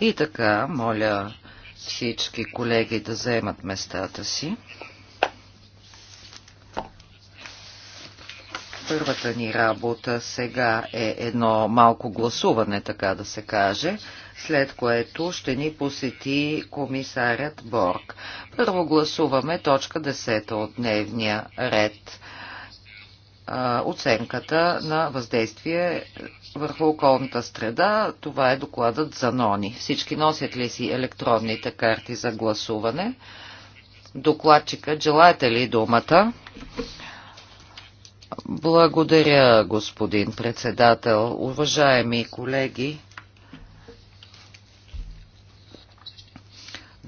И така, моля всички колеги да заемат местата си. Първата ни работа сега е едно малко гласуване, така да се каже, след което ще ни посети комисарят Борг. Първо гласуваме точка 10 от дневния ред оценката на въздействие върху околната среда. Това е докладът за НОНИ. Всички носят ли си електронните карти за гласуване? Докладчика, желаете ли думата? Благодаря, господин председател. Уважаеми колеги,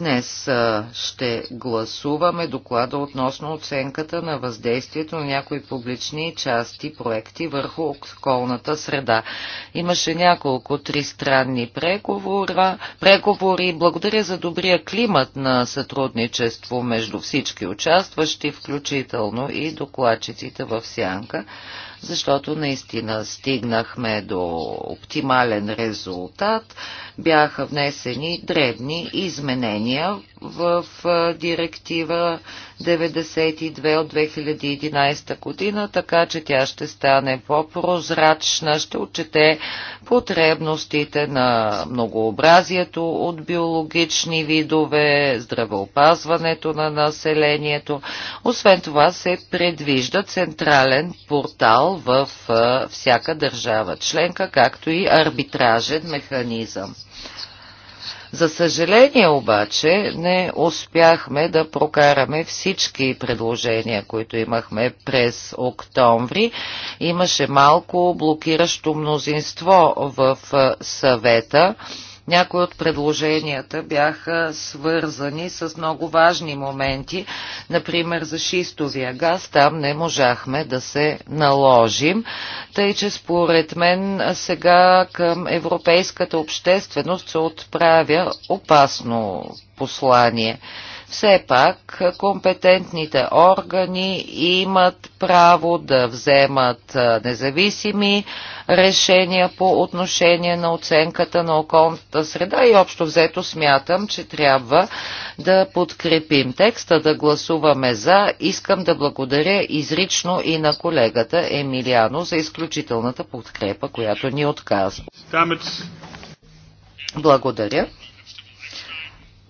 Днес ще гласуваме доклада относно оценката на въздействието на някои публични части проекти върху околната среда. Имаше няколко тристранни преговори. Благодаря за добрия климат на сътрудничество между всички участващи, включително и докладчиците в Сянка защото наистина стигнахме до оптимален резултат. Бяха внесени дребни изменения в директива 92 от 2011 година, така че тя ще стане по-прозрачна, ще отчете потребностите на многообразието от биологични видове, здравеопазването на населението. Освен това се предвижда централен портал в всяка държава членка, както и арбитражен механизъм. За съжаление обаче не успяхме да прокараме всички предложения, които имахме през октомври. Имаше малко блокиращо мнозинство в съвета някои от предложенията бяха свързани с много важни моменти, например за шистовия газ. Там не можахме да се наложим, тъй че според мен сега към европейската общественост се отправя опасно послание. Все пак компетентните органи имат право да вземат независими решения по отношение на оценката на околната среда и общо взето смятам, че трябва да подкрепим текста, да гласуваме за. Искам да благодаря изрично и на колегата Емилиано за изключителната подкрепа, която ни отказва. Благодаря.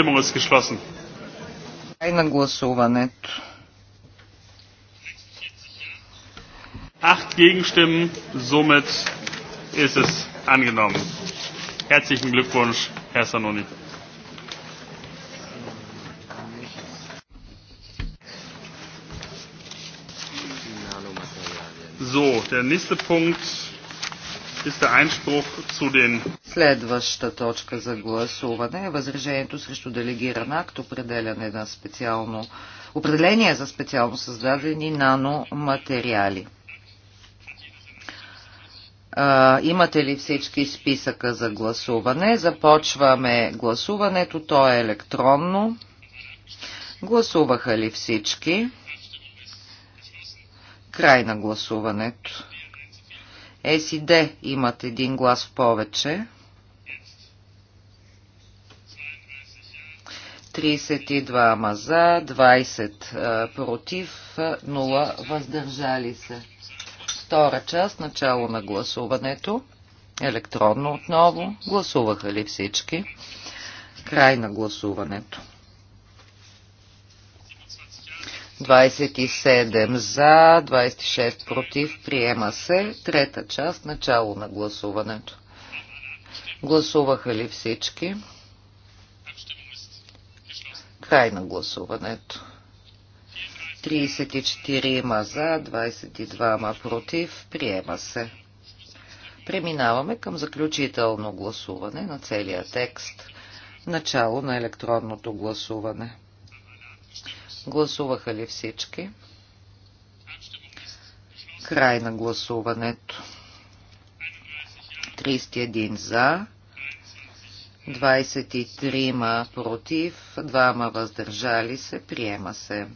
Abstimmung ist geschlossen. на гласуването. Gegenstimmen, somit ist es angenommen. Herzlichen Glückwunsch, Herr Sanoni. So, der nächste Punkt ist der Einspruch zu den Следваща точка за гласуване е възражението срещу делегиран акт, определяне на специално, определение за специално създадени наноматериали. А, имате ли всички списъка за гласуване? Започваме гласуването, то е електронно. Гласуваха ли всички? Край на гласуването. Е, СИД имат един глас в повече. 32 ма за, 20 против, 0 въздържали се. Втора част, начало на гласуването. Електронно отново. Гласуваха ли всички? Край на гласуването. 27 за, 26 против, приема се. Трета част, начало на гласуването. Гласуваха ли всички? Край на гласуването. 34 има за, 22 има против. Приема се. Преминаваме към заключително гласуване на целия текст. Начало на електронното гласуване. Гласуваха ли всички? Край на гласуването. 31 за, 23 против, 2 въздържали се, приема се.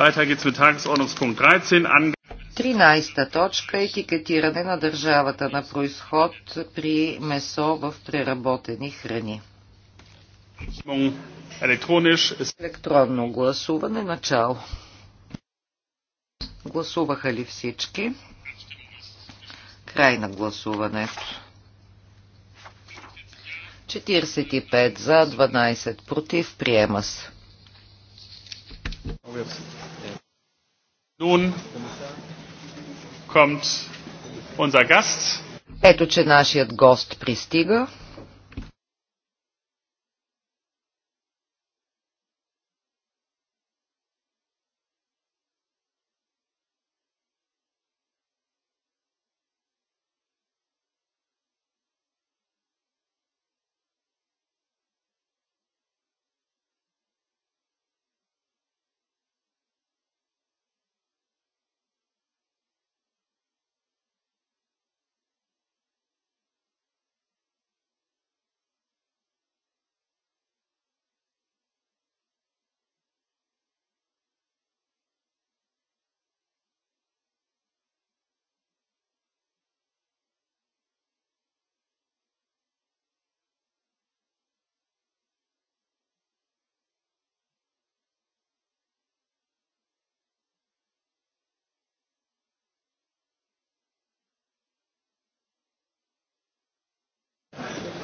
Weiter geht's mit Tagesordnungspunkt 13. An 13 точка – етикетиране на държавата на происход при месо в преработени храни. Е Електронно гласуване начало. Гласуваха ли всички? Край на гласуването. 45 за, 12 против. Приема се. Nun kommt unser Gast. Ето, че нашият гост пристига.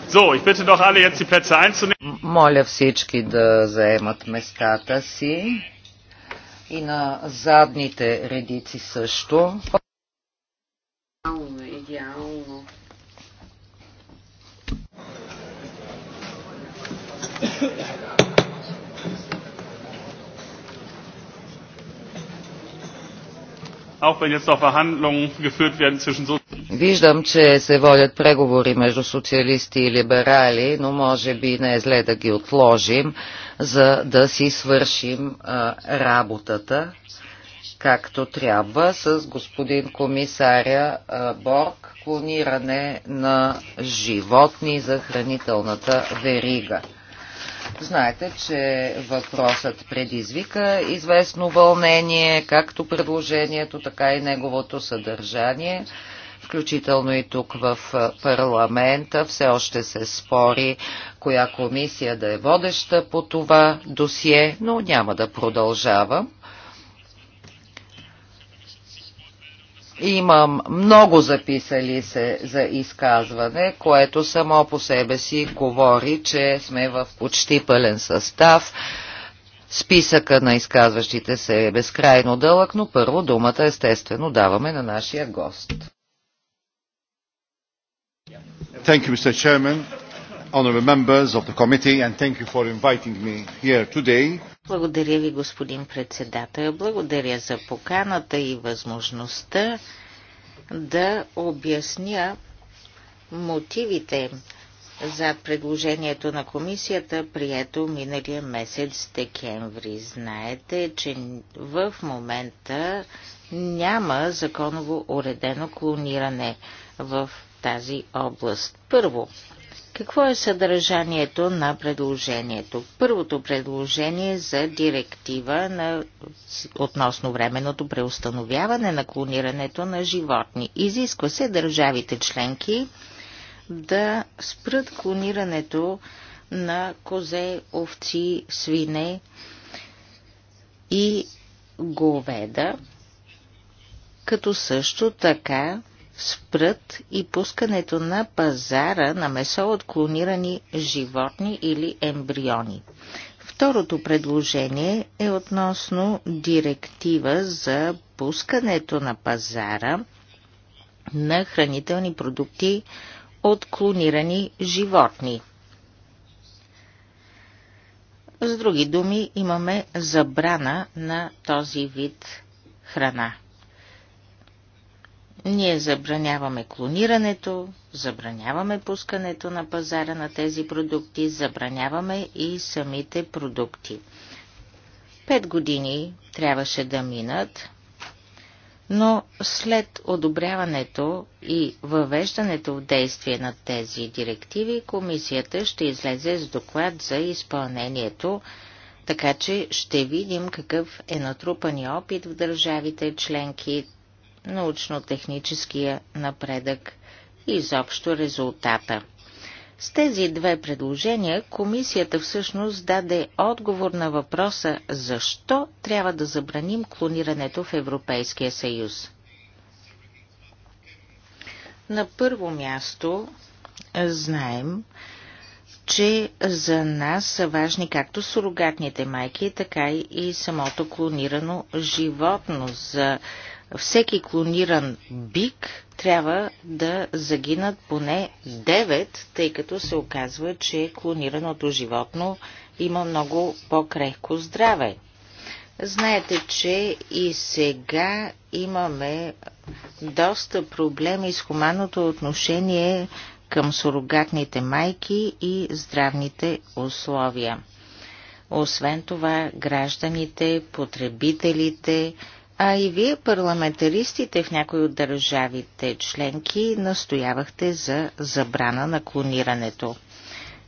So, ich bitte doch alle jetzt die Plätze einzunehmen. Моля всички да заемат местата си и на задните редици също. Виждам, че се водят преговори между социалисти и либерали, но може би не е зле да ги отложим, за да си свършим работата както трябва с господин комисаря Борг, клониране на животни за хранителната верига. Знаете, че въпросът предизвика известно вълнение, както предложението, така и неговото съдържание включително и тук в парламента. Все още се спори коя комисия да е водеща по това досие, но няма да продължава. Имам много записали се за изказване, което само по себе си говори, че сме в почти пълен състав. Списъка на изказващите се е безкрайно дълъг, но първо думата естествено даваме на нашия гост. Thank you, Mr. Chairman, honorable members of the committee, and thank you for inviting me here today. Благодаря ви, господин председател. Благодаря за поканата и възможността да обясня мотивите за предложението на комисията, прието миналия месец декември. Знаете, че в момента няма законово уредено клониране в тази област. Първо, какво е съдържанието на предложението? Първото предложение за директива на, относно временното преустановяване на клонирането на животни. Изисква се държавите членки да спрат клонирането на козе, овци, свине и говеда, като също така спрат и пускането на пазара на месо от клонирани животни или ембриони. Второто предложение е относно директива за пускането на пазара на хранителни продукти от клонирани животни. С други думи, имаме забрана на този вид храна. Ние забраняваме клонирането, забраняваме пускането на пазара на тези продукти, забраняваме и самите продукти. Пет години трябваше да минат, но след одобряването и въвеждането в действие на тези директиви, комисията ще излезе с доклад за изпълнението, така че ще видим какъв е натрупани опит в държавите членки, научно-техническия напредък и изобщо резултата. С тези две предложения комисията всъщност даде отговор на въпроса защо трябва да забраним клонирането в Европейския съюз. На първо място знаем, че за нас са важни както сурогатните майки, така и самото клонирано животно. За всеки клониран бик трябва да загинат поне 9, тъй като се оказва, че е клонираното животно има много по-крехко здраве. Знаете, че и сега имаме доста проблеми с хуманното отношение към сурогатните майки и здравните условия. Освен това, гражданите, потребителите, а и вие, парламентаристите в някои от държавите членки, настоявахте за забрана на клонирането.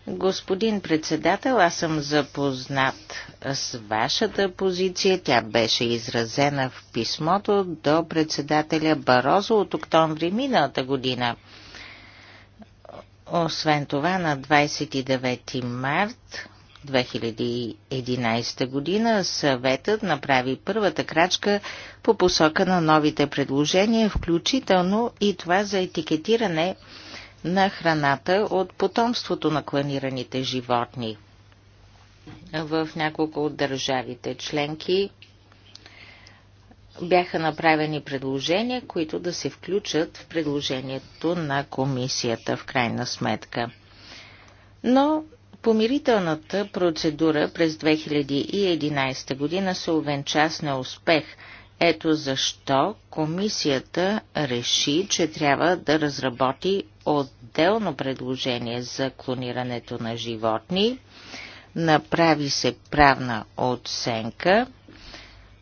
Господин председател, аз съм запознат с вашата позиция. Тя беше изразена в писмото до председателя Барозо от октомври миналата година. Освен това, на 29 март 2011 година съветът направи първата крачка по посока на новите предложения, включително и това за етикетиране на храната от потомството на кланираните животни. В няколко от държавите членки бяха направени предложения, които да се включат в предложението на комисията в крайна сметка. Но Помирителната процедура през 2011 година се увенча с неуспех. Ето защо комисията реши, че трябва да разработи отделно предложение за клонирането на животни. Направи се правна оценка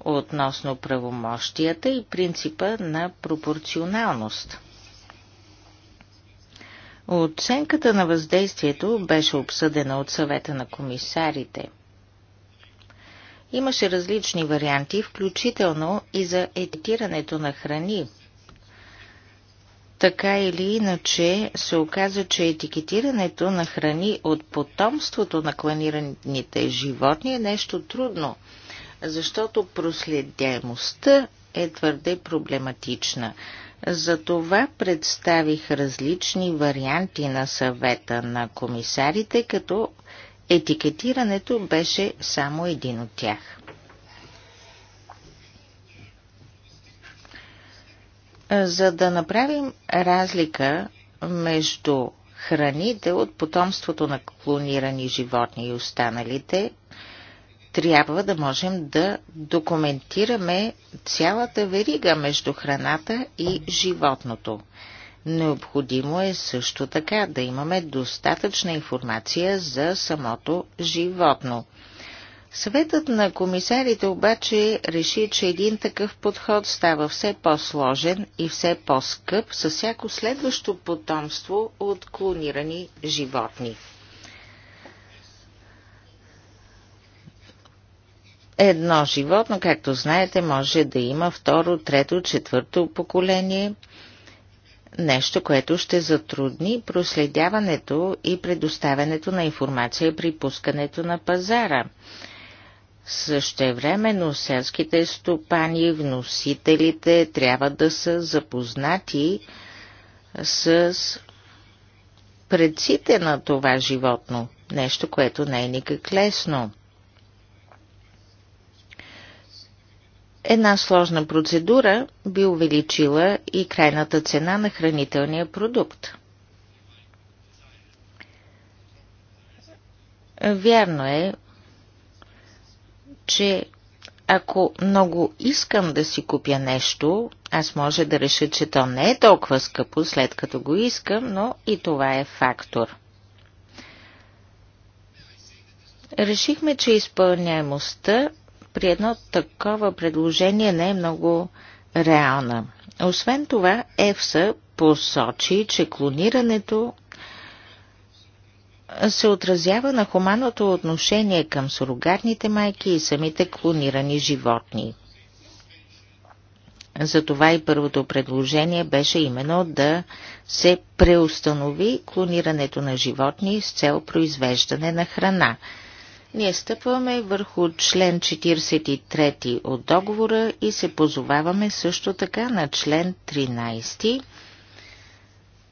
относно правомощията и принципа на пропорционалност. Оценката на въздействието беше обсъдена от съвета на комисарите. Имаше различни варианти, включително и за етикетирането на храни. Така или иначе се оказа, че етикетирането на храни от потомството на кланираните животни е нещо трудно, защото проследяемостта е твърде проблематична. Затова представих различни варианти на съвета на комисарите, като етикетирането беше само един от тях. За да направим разлика между храните от потомството на клонирани животни и останалите, трябва да можем да документираме цялата верига между храната и животното. Необходимо е също така да имаме достатъчна информация за самото животно. Съветът на комисарите обаче реши, че един такъв подход става все по-сложен и все по-скъп със всяко следващо потомство от клонирани животни. едно животно, както знаете, може да има второ, трето, четвърто поколение. Нещо, което ще затрудни проследяването и предоставянето на информация при пускането на пазара. Същевременно селските стопани, вносителите трябва да са запознати с предците на това животно. Нещо, което не е никак лесно – Една сложна процедура би увеличила и крайната цена на хранителния продукт. Вярно е, че ако много искам да си купя нещо, аз може да реша, че то не е толкова скъпо, след като го искам, но и това е фактор. Решихме, че изпълняемостта при едно такова предложение не е много реална. Освен това, ЕФСА посочи, че клонирането се отразява на хуманното отношение към сурогатните майки и самите клонирани животни. Затова и първото предложение беше именно да се преустанови клонирането на животни с цел произвеждане на храна. Ние стъпваме върху член 43 от договора и се позоваваме също така на член 13,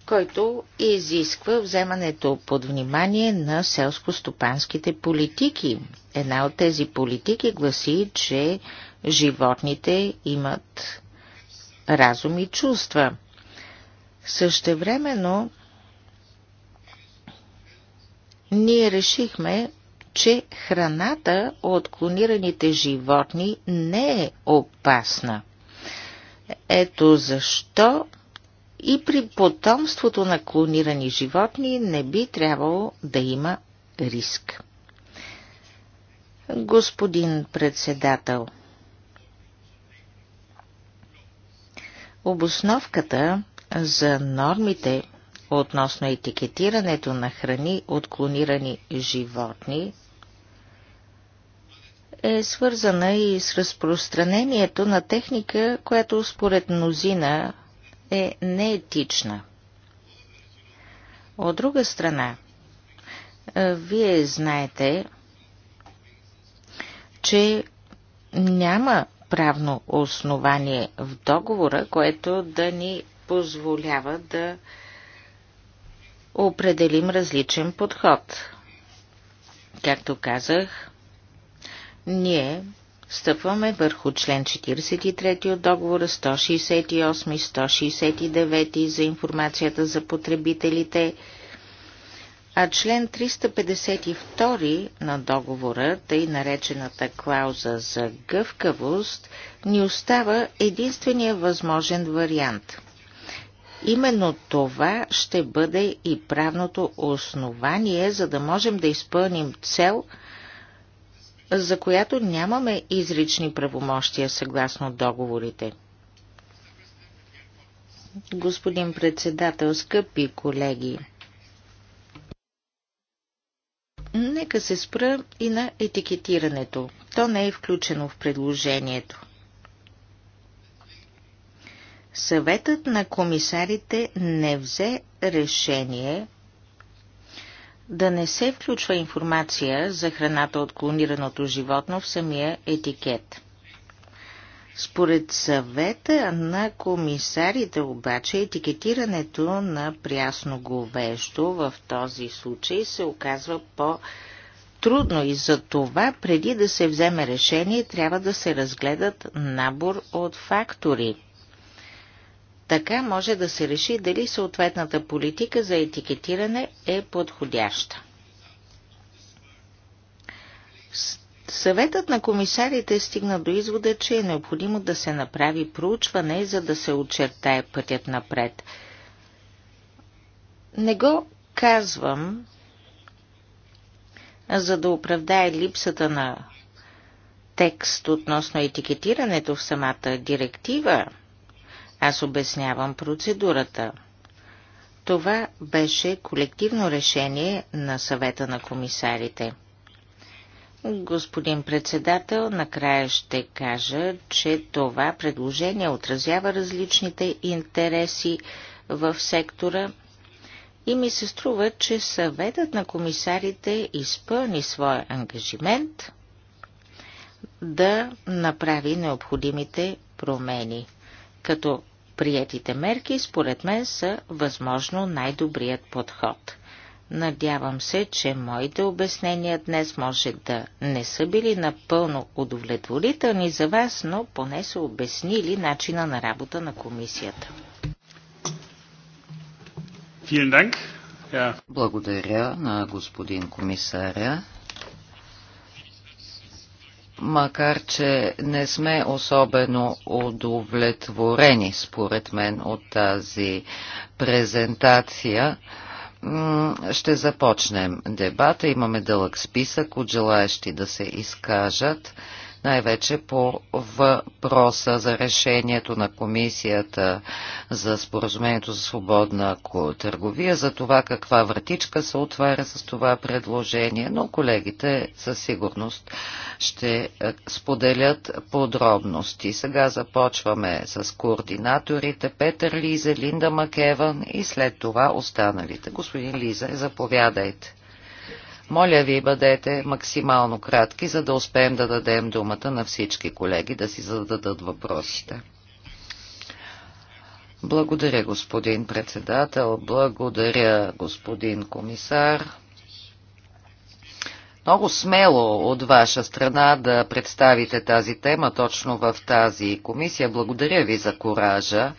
който изисква вземането под внимание на селско-стопанските политики. Една от тези политики гласи, че животните имат разум и чувства. Същевременно ние решихме че храната от клонираните животни не е опасна. Ето защо и при потомството на клонирани животни не би трябвало да има риск. Господин председател, обосновката за нормите относно етикетирането на храни от клонирани животни е свързана и с разпространението на техника, която според мнозина е неетична. От друга страна, вие знаете, че няма правно основание в договора, което да ни позволява да определим различен подход. Както казах, ние стъпваме върху член 43 от договора 168 и 169 за информацията за потребителите, а член 352 на договора, тъй наречената клауза за гъвкавост, ни остава единствения възможен вариант. Именно това ще бъде и правното основание, за да можем да изпълним цел – за която нямаме изрични правомощия съгласно договорите. Господин председател, скъпи колеги, нека се спра и на етикетирането. То не е включено в предложението. Съветът на комисарите не взе решение да не се включва информация за храната от клонираното животно в самия етикет. Според съвета на комисарите обаче етикетирането на прясно говещо в този случай се оказва по- трудно и за това преди да се вземе решение трябва да се разгледат набор от фактори – така може да се реши дали съответната политика за етикетиране е подходяща. Съветът на комисарите стигна до извода, че е необходимо да се направи проучване, за да се очертае пътят напред. Не го казвам, за да оправдае липсата на текст относно етикетирането в самата директива, аз обяснявам процедурата. Това беше колективно решение на съвета на комисарите. Господин председател, накрая ще кажа, че това предложение отразява различните интереси в сектора и ми се струва, че съветът на комисарите изпълни своя ангажимент да направи необходимите промени, като Приетите мерки, според мен, са възможно най-добрият подход. Надявам се, че моите обяснения днес може да не са били напълно удовлетворителни за вас, но поне са обяснили начина на работа на комисията. Благодаря на господин комисаря макар че не сме особено удовлетворени, според мен, от тази презентация. Ще започнем дебата. Имаме дълъг списък от желаящи да се изкажат най-вече по въпроса за решението на комисията за споразумението за свободна търговия, за това каква вратичка се отваря с това предложение, но колегите със сигурност ще е, споделят подробности. Сега започваме с координаторите Петър Лиза, Линда Макеван и след това останалите. Господин Лиза, заповядайте. Моля ви, бъдете максимално кратки, за да успеем да дадем думата на всички колеги да си зададат въпросите. Благодаря, господин председател. Благодаря, господин комисар. Много смело от ваша страна да представите тази тема точно в тази комисия. Благодаря ви за коража.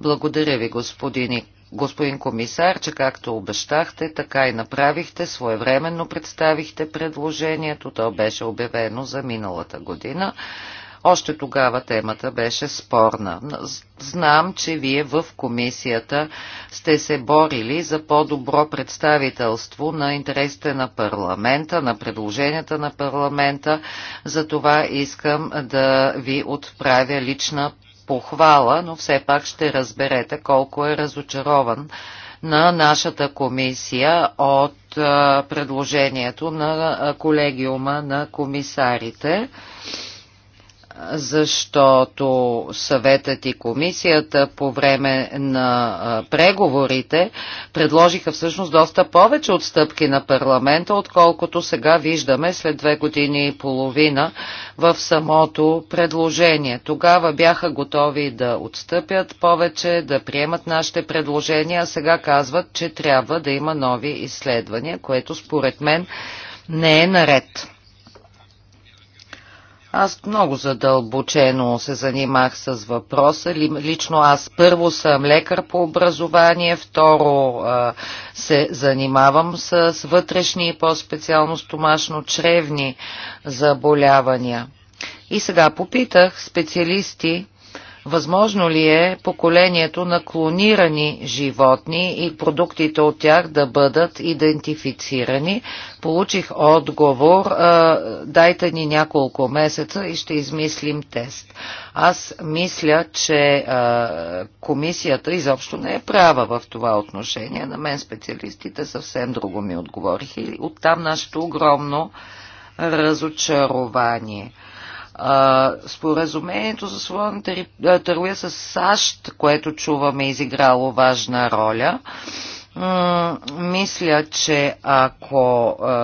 Благодаря ви, господин господин комисар, че както обещахте, така и направихте, своевременно представихте предложението, то беше обявено за миналата година. Още тогава темата беше спорна. Знам, че вие в комисията сте се борили за по-добро представителство на интересите на парламента, на предложенията на парламента. За това искам да ви отправя лична похвала, но все пак ще разберете колко е разочарован на нашата комисия от предложението на колегиума на комисарите защото съветът и комисията по време на преговорите предложиха всъщност доста повече отстъпки на парламента, отколкото сега виждаме след две години и половина в самото предложение. Тогава бяха готови да отстъпят повече, да приемат нашите предложения, а сега казват, че трябва да има нови изследвания, което според мен не е наред. Аз много задълбочено се занимах с въпроса. Лично аз първо съм лекар по образование, второ се занимавам с вътрешни и по-специално стомашно-чревни заболявания. И сега попитах специалисти Възможно ли е поколението на клонирани животни и продуктите от тях да бъдат идентифицирани? Получих отговор, а, дайте ни няколко месеца и ще измислим тест. Аз мисля, че а, комисията изобщо не е права в това отношение. На мен специалистите съвсем друго ми отговориха и оттам нашето огромно разочарование. Споразумението за свободна търговия с САЩ, което чуваме, е изиграло важна роля мисля, че ако е,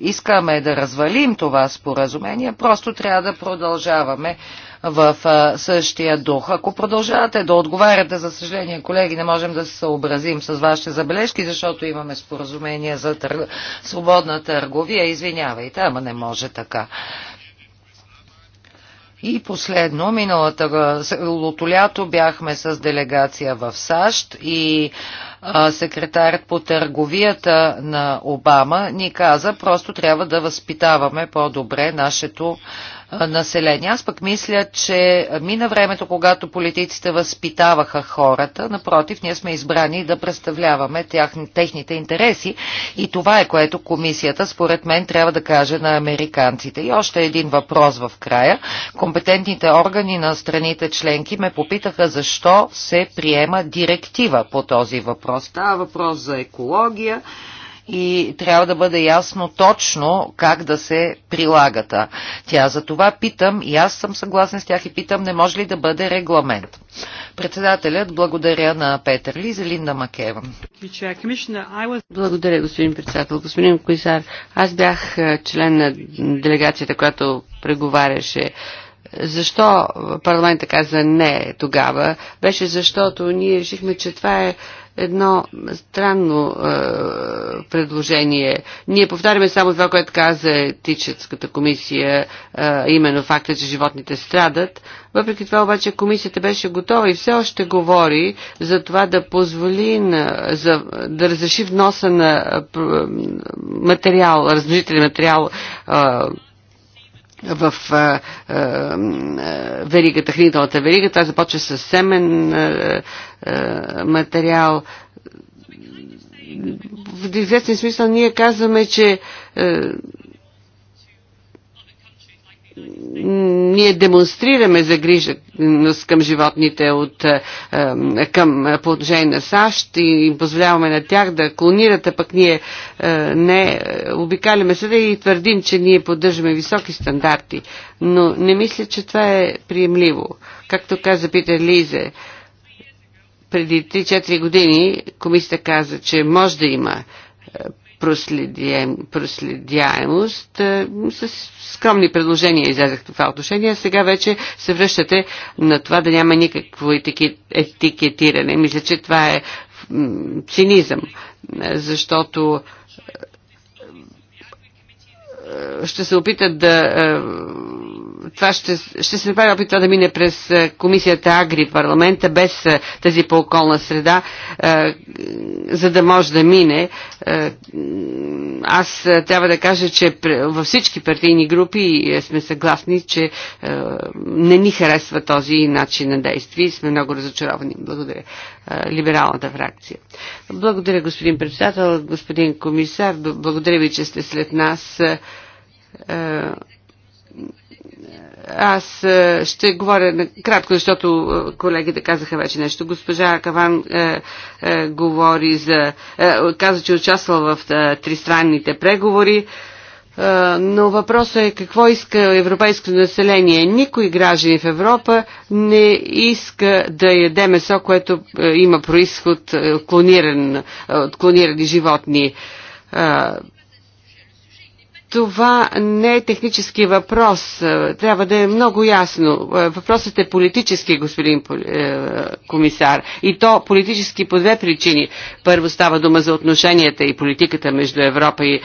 искаме да развалим това споразумение, просто трябва да продължаваме в е, същия дух. Ако продължавате да отговаряте, за съжаление, колеги, не можем да се съобразим с вашите забележки, защото имаме споразумение за тър... свободна търговия. Извинявайте, ама не може така. И последно, миналата лято бяхме с делегация в САЩ и секретарят по търговията на Обама ни каза, просто трябва да възпитаваме по-добре нашето население. Аз пък мисля, че мина времето, когато политиците възпитаваха хората. Напротив, ние сме избрани да представляваме тях, техните интереси и това е което комисията, според мен, трябва да каже на американците. И още един въпрос в края. Компетентните органи на страните членки ме попитаха защо се приема директива по този въпрос. Това, въпрос за екология, и трябва да бъде ясно точно как да се прилага Тя за това питам и аз съм съгласен с тях и питам не може ли да бъде регламент. Председателят благодаря на Петър Ли за Линда Макеван. Благодаря, господин председател. Господин коисар, аз бях е, член на делегацията, която преговаряше защо парламентът каза не тогава, беше защото ние решихме, че това е едно странно е, предложение. Ние повтаряме само това, което каза етическата комисия, е, именно факта, че животните страдат. Въпреки това обаче комисията беше готова и все още говори за това да позволи на, за, да разреши вноса на е, материал, размножителен материал е, в а, а, веригата, хранителната верига. Той започва с семен а, а, материал. В известен смисъл ние казваме, че а, ние демонстрираме загриженост към животните от, е, е, към, е, по отношение на САЩ и им позволяваме на тях да клонират, а пък ние не обикаляме се и твърдим, че ние поддържаме високи стандарти. Но не мисля, че това е приемливо. Както каза Питер Лизе, преди 3-4 години комисията каза, че може да има проследяемост. Е, с скромни предложения излязах това отношение. Сега вече се връщате на това да няма никакво етикетиране. Мисля, че това е цинизъм, защото е, ще се опитат да е, това ще, ще се направи опит това да мине през е, комисията Агри парламента без е, тази по околна среда, е, за да може да мине. Аз трябва да кажа, че във всички партийни групи сме съгласни, че не ни харесва този начин на действие и сме много разочаровани. Благодаря. Либералната фракция. Благодаря, господин председател, господин комисар. Благодаря ви, че сте след нас аз е, ще говоря кратко, защото е, колегите казаха вече нещо. Госпожа Каван е, е, говори за... Е, каза, че е участвал в е, тристранните преговори. Е, но въпросът е какво иска европейското население. Никой граждан в Европа не иска да яде месо, което е, има происход е, клониран, е, от клонирани животни. Е, това не е технически въпрос. Трябва да е много ясно. Въпросът е политически, господин е, комисар. И то политически по две причини. Първо става дума за отношенията и политиката между Европа и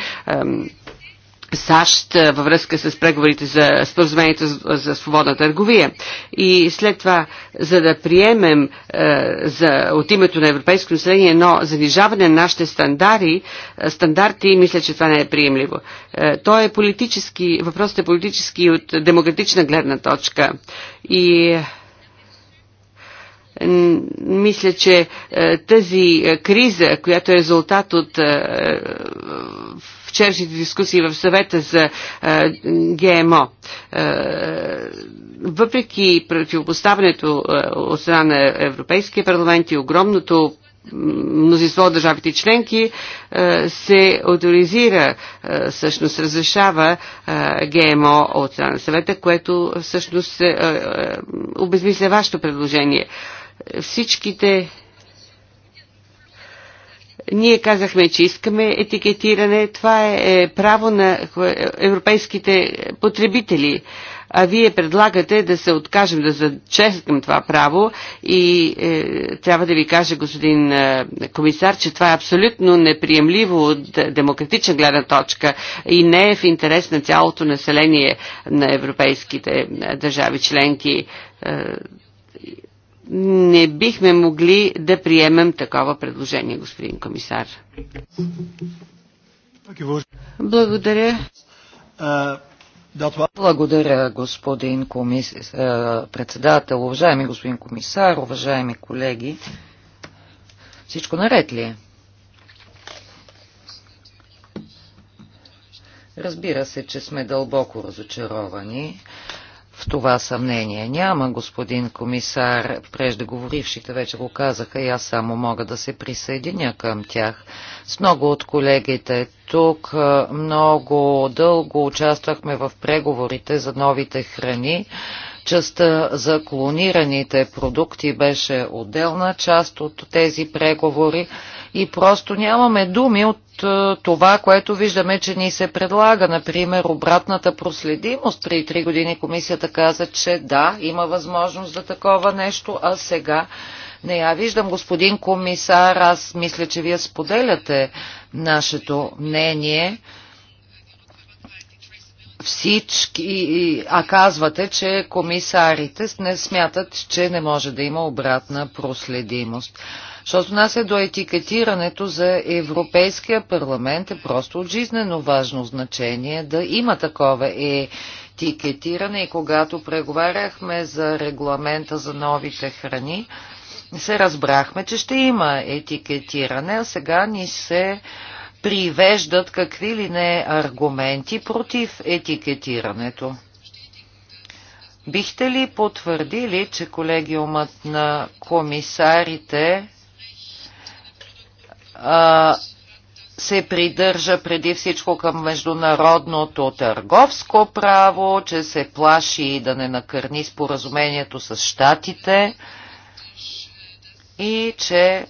САЩ във връзка с преговорите за споразумението за, свободна търговия. И след това, за да приемем е, за, от името на европейско население едно занижаване на нашите стандари, стандарти, мисля, че това не е приемливо. Е, то е политически, въпросът е политически от демократична гледна точка. И мисля, че тази криза, която е резултат от вчерашните дискусии в съвета за е, ГМО. Е, въпреки противопоставянето е, от страна на Европейския парламент и огромното мнозинство от държавите членки се авторизира, всъщност разрешава ГМО от страна на съвета, което всъщност обезмисля вашето предложение. Всичките ние казахме, че искаме етикетиране. Това е, е право на е, европейските потребители. А вие предлагате да се откажем да заческам това право и е, трябва да ви кажа, господин е, комисар, че това е абсолютно неприемливо от демократична гледна точка и не е в интерес на цялото население на европейските е, държави членки. Е, не бихме могли да приемем такова предложение, господин комисар. Благодаря. Благодаря, господин комис... Е, председател, уважаеми господин комисар, уважаеми колеги. Всичко наред ли е? Разбира се, че сме дълбоко разочаровани в това съмнение. Няма, господин комисар, преждеговорившите вече го казаха и аз само мога да се присъединя към тях. С много от колегите тук е, много дълго участвахме в преговорите за новите храни. Частта за клонираните продукти беше отделна част от тези преговори и просто нямаме думи от е, това, което виждаме, че ни се предлага. Например, обратната проследимост. При три години комисията каза, че да, има възможност за такова нещо, а сега не я виждам, господин комисар. Аз мисля, че вие споделяте нашето мнение всички, а казвате, че комисарите не смятат, че не може да има обратна проследимост. Защото нас е до етикетирането за Европейския парламент е просто от жизнено важно значение да има такова е етикетиране и когато преговаряхме за регламента за новите храни, се разбрахме, че ще има етикетиране, а сега ни се привеждат какви ли не аргументи против етикетирането. Бихте ли потвърдили, че колегиумът на комисарите се придържа преди всичко към международното търговско право, че се плаши да не накърни споразумението с щатите и че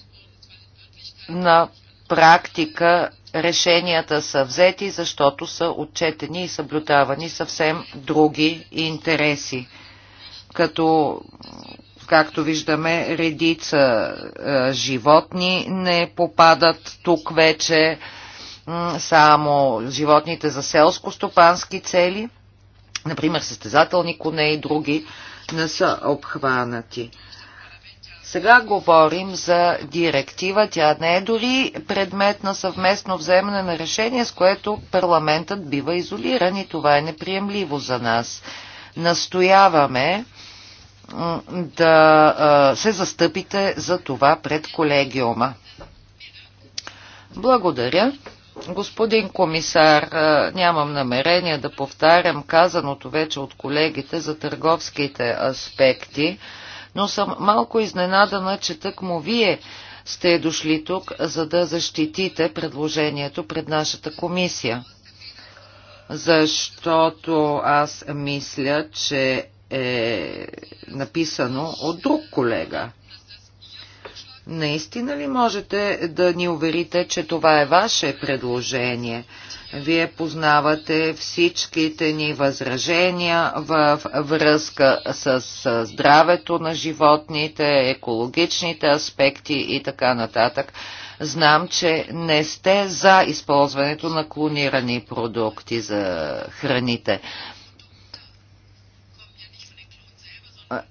на практика решенията са взети, защото са отчетени и съблюдавани съвсем други интереси. Като Както виждаме, редица е, животни не попадат тук вече, само животните за селско-стопански цели, например състезателни коне и други, не са обхванати. Сега говорим за директива. Тя не е дори предмет на съвместно вземане на решение, с което парламентът бива изолиран и това е неприемливо за нас. Настояваме да се застъпите за това пред колегиума. Благодаря. Господин комисар, нямам намерение да повтарям казаното вече от колегите за търговските аспекти, но съм малко изненадана, че тък му вие сте дошли тук, за да защитите предложението пред нашата комисия. Защото аз мисля, че е написано от друг колега. Наистина ли можете да ни уверите, че това е ваше предложение? Вие познавате всичките ни възражения в връзка с здравето на животните, екологичните аспекти и така нататък. Знам, че не сте за използването на клонирани продукти за храните.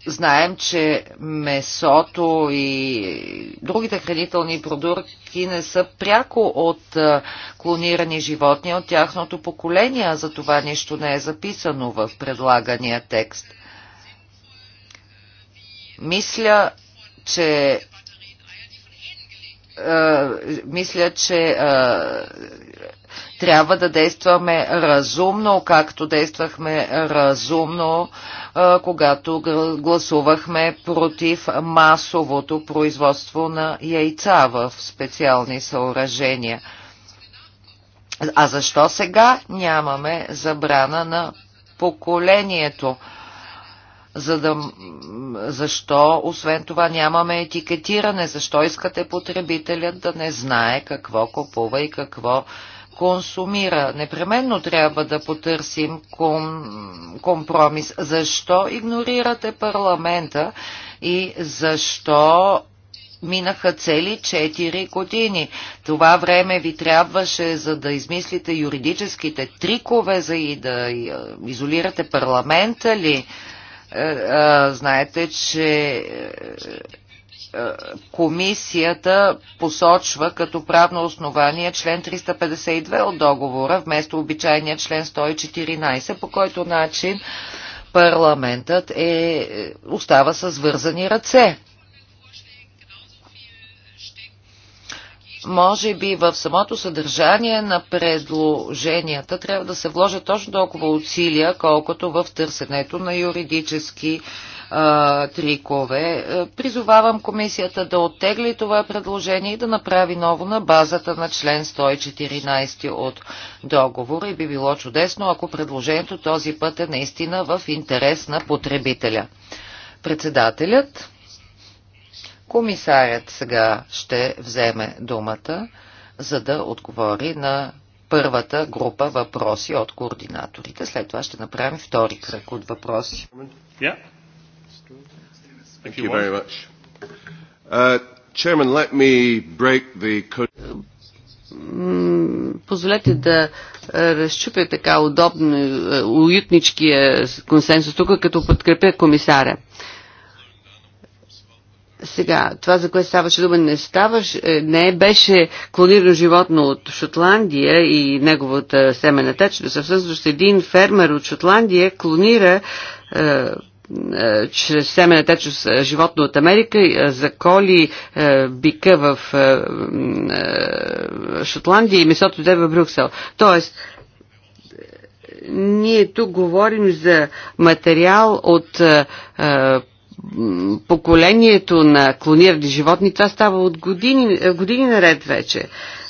Знаем, че месото и другите хранителни продукти не са пряко от клонирани животни от тяхното поколение, а за това нищо не е записано в предлагания текст. Мисля, че мисля, че трябва да действаме разумно, както действахме разумно, когато гласувахме против масовото производство на яйца в специални съоръжения. А защо сега нямаме забрана на поколението? за да, защо, освен това, нямаме етикетиране, защо искате потребителят да не знае какво купува и какво консумира. Непременно трябва да потърсим ком, компромис. Защо игнорирате парламента и защо минаха цели 4 години. Това време ви трябваше за да измислите юридическите трикове, за и да изолирате парламента ли? Е, е, знаете, че е, комисията посочва като правно основание член 352 от договора, вместо обичайния член 114, по който начин парламентът е, остава с вързани ръце. Може би в самото съдържание на предложенията трябва да се вложат точно толкова усилия, колкото в търсенето на юридически а, трикове. Е, призовавам комисията да оттегли това предложение и да направи ново на базата на член 114 от договора и би било чудесно, ако предложението този път е наистина в интерес на потребителя. Председателят Комисарят сега ще вземе думата, за да отговори на първата група въпроси от координаторите. След това ще направим втори кръг от въпроси. Uh, позволете да разчупя така удобно, уютничкия консенсус тук, като подкрепя комисаря. Сега, това, за което ставаше дума, не ставаш, е, не беше клонирано животно от Шотландия и неговата семена течност. Всъщност един фермер от Шотландия клонира е, е чрез семена течност е, животно от Америка, заколи бика в Шотландия и месото де в Брюксел. Тоест, ние тук говорим за материал от е, поколението на клонирани животни, това става от години, години наред вече.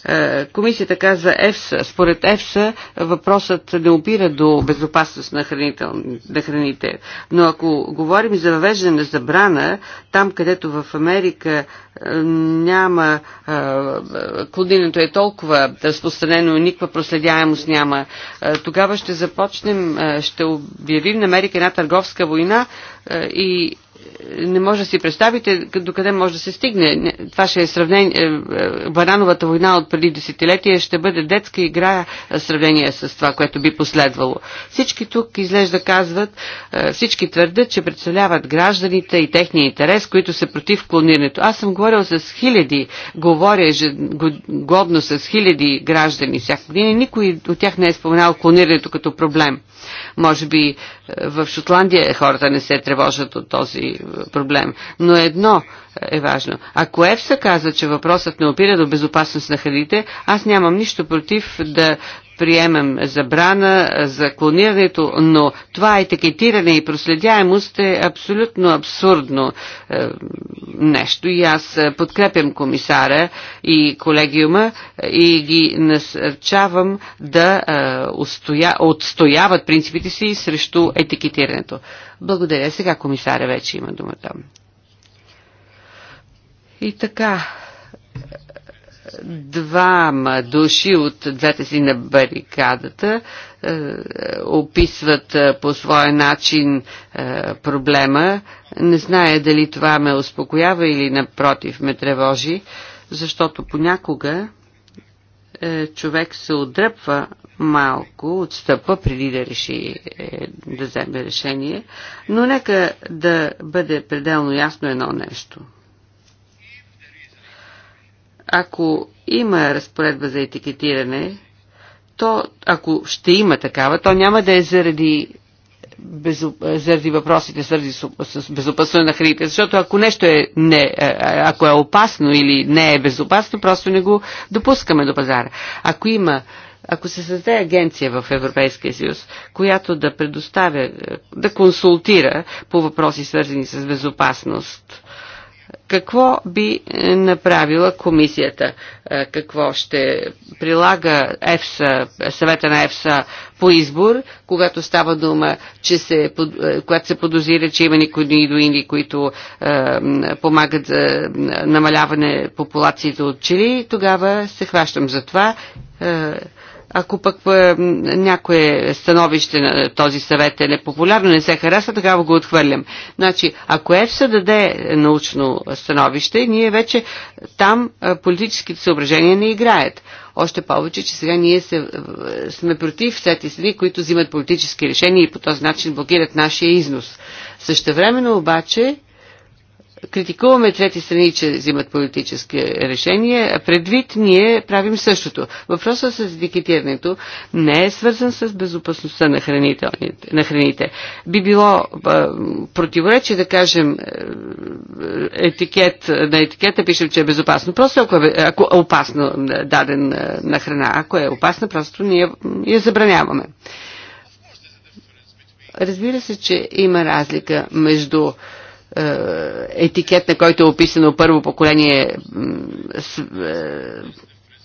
Е, комисията каза ЕФСА. Според ЕФСА въпросът не опира до безопасност на, хранител, на храните. Но ако говорим за въвеждане на забрана, там където в Америка е, няма е, кладенето е толкова разпространено, никаква проследяемост няма, тогава ще започнем, ще обявим на Америка една търговска война и не може да си представите до къде може да се стигне. Това ще е сравнение, банановата война от преди десетилетие ще бъде детска игра в сравнение с това, което би последвало. Всички тук изглежда казват, всички твърдят, че представляват гражданите и техния интерес, които са против клонирането. Аз съм говорил с хиляди, говоря годно с хиляди граждани всяка година и никой от тях не е споменал клонирането като проблем. Може би е, в Шотландия хората не се тревожат от този е, проблем. Но едно е, е важно. Ако ЕФСА казва, че въпросът не опира до безопасност на храните, аз нямам нищо против да Приемам забрана за клонирането, но това етикетиране и проследяемост е абсолютно абсурдно е, нещо и аз е, подкрепям комисара и колегиума е, и ги насърчавам да е, устоя, отстояват принципите си срещу етикетирането. Благодаря. Сега комисаря вече има думата. И така, двама души от двете си на барикадата е, описват е, по своя начин е, проблема. Не зная дали това ме успокоява или напротив ме тревожи, защото понякога човек се отдръпва малко, отстъпва преди да реши да вземе решение, но нека да бъде пределно ясно едно нещо – ако има разпоредба за етикетиране, то ако ще има такава, то няма да е заради, безу, заради въпросите свързани с, с безопасността на храните, защото ако нещо е, не, е, ако е опасно или не е безопасно, просто не го допускаме до пазара. Ако има ако се създаде агенция в Европейския съюз, която да предоставя, е, да консултира по въпроси свързани с безопасност, какво би е, направила комисията? Е, какво ще прилага ЕФСА, съвета на ЕФСА по избор, когато става дума, че се, е, когато се подозира, че има никодоидоини, които е, помагат за намаляване популациите от Чили? тогава се хващам за това. Е, ако пък някое становище на този съвет е непопулярно, не се харесва, тогава го отхвърлям. Значи, ако ЕФСА даде научно становище, ние вече там политическите съображения не играят. Още повече, че сега ние се, сме против всеки сни, които взимат политически решения и по този начин блокират нашия износ. Същевременно обаче критикуваме трети страни, че взимат политически решения, а предвид ние правим същото. Въпросът с етикетирането не е свързан с безопасността на, на храните. Би било а, противоречие да кажем е, етикет, на етикета пишем, че е безопасно. Просто ако е, ако е опасно е, даден е, на храна, ако е опасна, просто ние я забраняваме. Разбира се, че има разлика между е, етикет, на който е описано първо поколение е,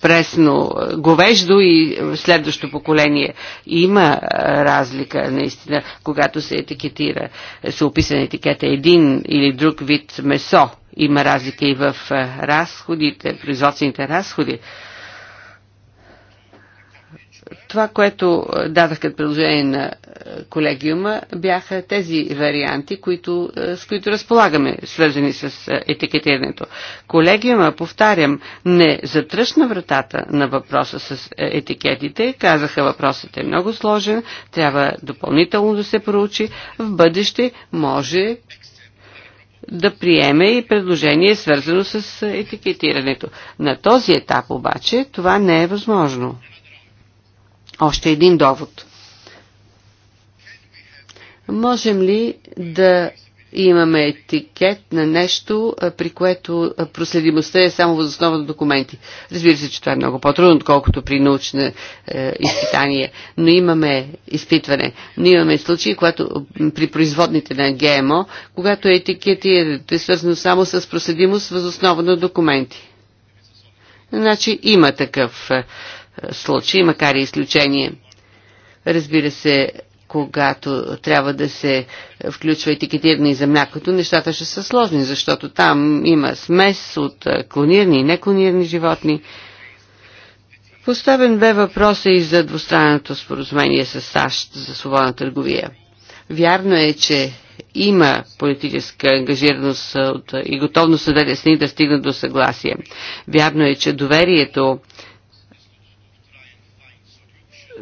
пресно е, говеждо и следващо поколение. Има разлика, наистина, когато се етикетира, се описан етикета един или друг вид месо. Има разлика и в разходите, производствените разходи. Това, което е, дадах като предложение на е, колегиума, бяха тези варианти, които, е, с които разполагаме, свързани с етикетирането. Колегиума, повтарям, не затръщна вратата на въпроса с етикетите. Казаха, въпросът е много сложен, трябва допълнително да се проучи. В бъдеще може да приеме и предложение свързано с етикетирането. На този етап обаче това не е възможно. Още един довод. Можем ли да имаме етикет на нещо, при което проследимостта е само възоснова на документи. Разбира се, че това е много по-трудно, отколкото при научно е, изпитание, но имаме изпитване. Но имаме случаи, когато при производните на ГМО, когато етикетирането е свързано само с проследимост въз основа на документи. Значи има такъв е, случаи, макар и изключение. Разбира се, когато трябва да се включва етикетиране и за млякото, нещата ще са сложни, защото там има смес от клонирани и неклонирани животни. Поставен бе въпроса и за двустранното споразумение с САЩ за свободна търговия. Вярно е, че има политическа ангажираност и готовност да десни да стигнат до съгласие. Вярно е, че доверието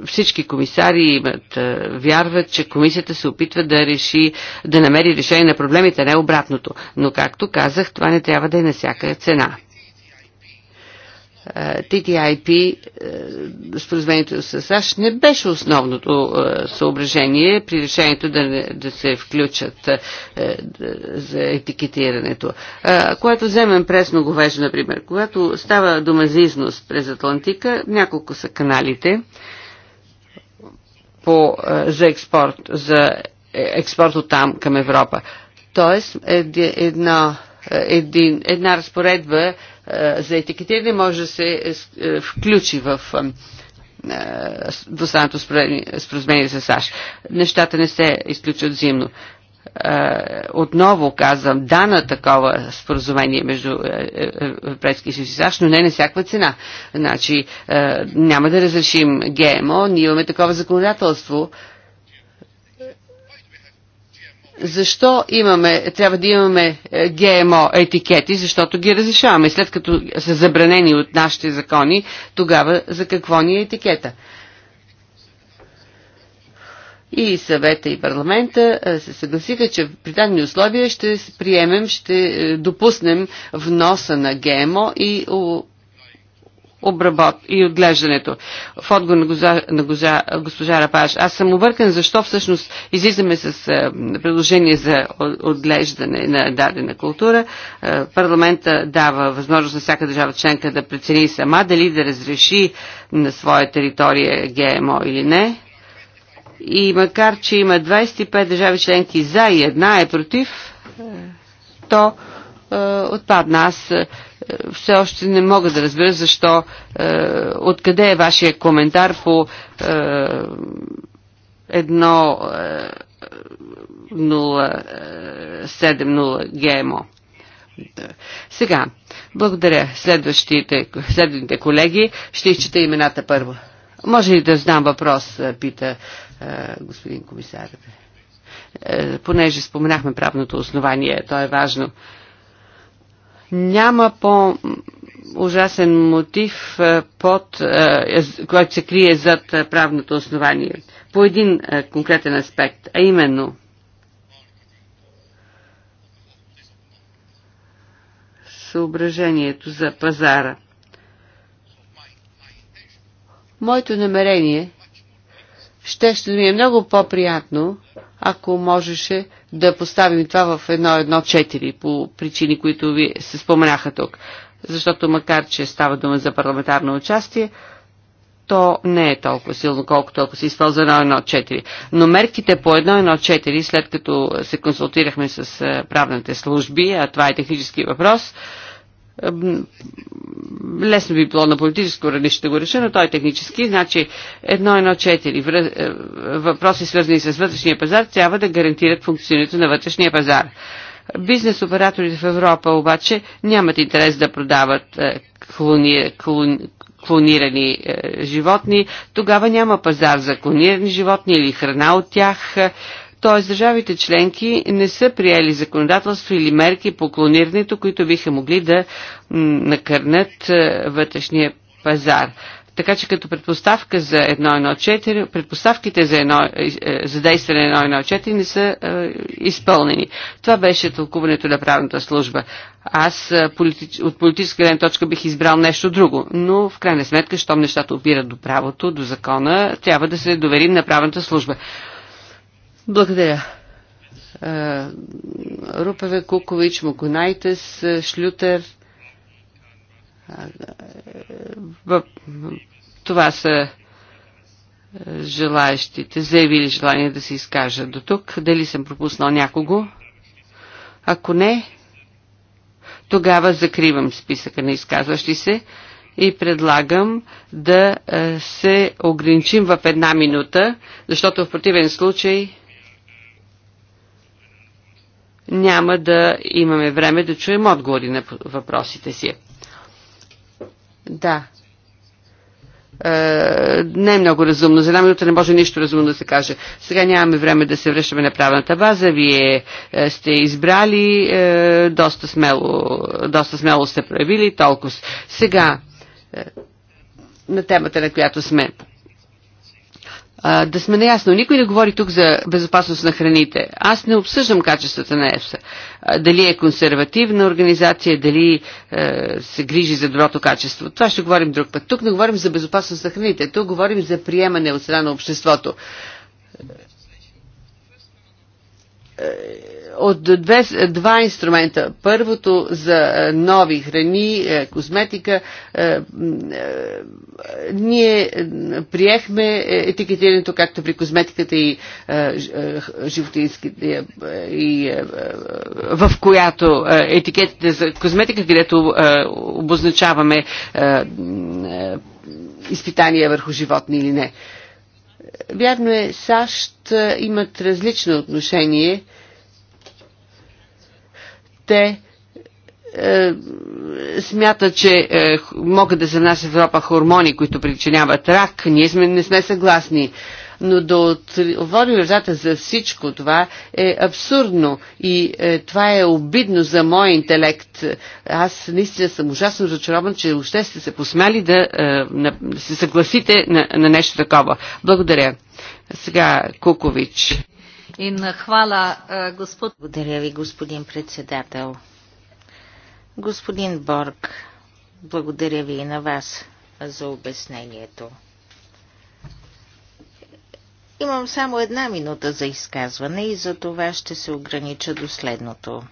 всички комисари имат, е, вярват, че комисията се опитва да реши, да намери решение на проблемите, не обратното. Но, както казах, това не трябва да е на всяка цена. TTIP, е, е, споразумението с САЩ, не беше основното съображение при решението да, не, да се включат за етикетирането. Когато вземем пресно говеждо, например, когато става дума за износ през Атлантика, няколко са каналите по, е, за експорт, за е, експорт от там към Европа. Тоест, една, е, един, една разпоредба за етикетиране може да се включи в двустранното споразумение с САЩ. Нещата не се изключват взаимно. Е, отново казвам, да на такова споразумение между е, е, Европейския съюз и САЩ, но не на всяка цена. Значи, няма да разрешим ГМО, ние имаме такова законодателство. Защо имаме, трябва да имаме ГМО етикети, защото ги разрешаваме. След като са забранени от нашите закони, тогава за какво ни е етикета? И съвета и парламента се съгласиха, че при данни условия ще приемем, ще е, допуснем вноса на ГМО и обработ и отглеждането. В отговор на, госпожа, на госпожа, госпожа Рапаш, аз съм объркан защо всъщност излизаме с а, е, предложение за отглеждане на дадена култура. А, е, парламента дава възможност на всяка държава членка да прецени сама дали да разреши на своя територия ГМО или не. И макар, че има 25 държави членки за и една е против, е, то е, отпадна. Аз е, все още не мога да разбера защо, е, откъде е вашия коментар по е, едно е, 070 е, ГМО. Сега, благодаря следващите, следните колеги. Ще изчета имената първо. Може ли да знам въпрос, е, пита е, господин комисар. Е, понеже споменахме правното основание, то е важно. Няма по ужасен мотив, е, под, който се крие зад правното основание. По един конкретен аспект, а именно съображението за пазара. Моето намерение Щеше ми е много по-приятно, ако можеше да поставим това в едно едно четири по причини, които ви се споменаха тук. Защото макар, че става дума за парламентарно участие, то не е толкова силно, колкото ако се използва едно едно четири. Но мерките по едно едно четири, след като се консултирахме с е, правните служби, а това е технически въпрос, лесно би било на политическо равнище да го реша, но той е технически. Значи, едно, едно, четири е, въпроси свързани с вътрешния пазар трябва да гарантират функционирането на вътрешния пазар. Бизнес операторите в Европа обаче нямат интерес да продават е, клони, клон, клонирани е, животни. Тогава няма пазар за клонирани животни или храна от тях т.е. държавите членки не са приели законодателство или мерки по клонирането, които биха могли да накърнат е, вътрешния пазар. Така че като предпоставка за 1.1.4, предпоставките за, едно, е, е, за действие на 1.1.4 не са е, изпълнени. Това беше тълкуването на правната служба. Аз политич, от политическа гледна точка бих избрал нещо друго, но в крайна сметка, щом нещата опират до правото, до закона, трябва да се доверим на правната служба. Благодаря. Е, Рупеве, Кукович, Моконайтес, е, Шлютер. Е, това са желаящите, заявили желание да се изкажа до тук. Дали съм пропуснал някого? Ако не, тогава закривам списъка на изказващи се и предлагам да се ограничим в една минута, защото в противен случай няма да имаме време да чуем отговори на въпросите си. Да. Е, не е много разумно. За една минута не може нищо разумно да се каже. Сега нямаме време да се връщаме на правната база. Вие е, сте избрали, е, доста, смело, доста смело сте проявили, толкова. Сега, е, на темата, на която сме. А, да сме наясно, никой не говори тук за безопасност на храните. Аз не обсъждам качествата на ЕФСА. А, дали е консервативна организация, дали а, е, се грижи за доброто качество. Това ще говорим друг път. Тук не говорим за безопасност на храните, тук говорим за приемане от страна на обществото е, от две, два инструмента. Първото за е, нови храни, е, козметика. Е, ние приехме етикетирането, както при козметиката и животинските, и, в която етикетите за козметика, където обозначаваме изпитания върху животни или не. Вярно е, САЩ имат различно отношение те е, смятат, че е, могат да се внася в Европа хормони, които причиняват рак. Ние сме, не сме съгласни. Но да отвори вратата за всичко това е абсурдно и е, това е обидно за моя интелект. Аз наистина съм ужасно разочарован, че още сте се посмяли да, е, на, се съгласите на, на нещо такова. Благодаря. Сега Кукович. In hvala, Благодаря ви, господин председател. Господин Борг, благодаря ви и на вас за обяснението. Имам само една минута за изказване и за това ще се огранича до следното.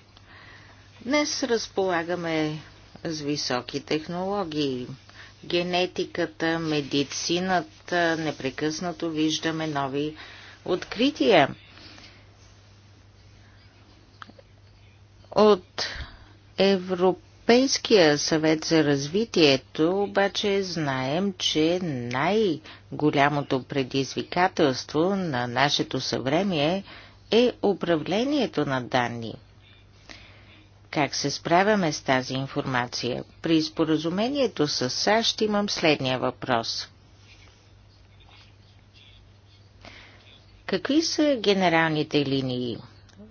Днес разполагаме с високи технологии. Генетиката, медицината, непрекъснато виждаме нови открития. От Европейския съвет за развитието обаче знаем, че най-голямото предизвикателство на нашето съвремие е управлението на данни – как се справяме с тази информация? При споразумението с САЩ имам следния въпрос. Какви са генералните линии?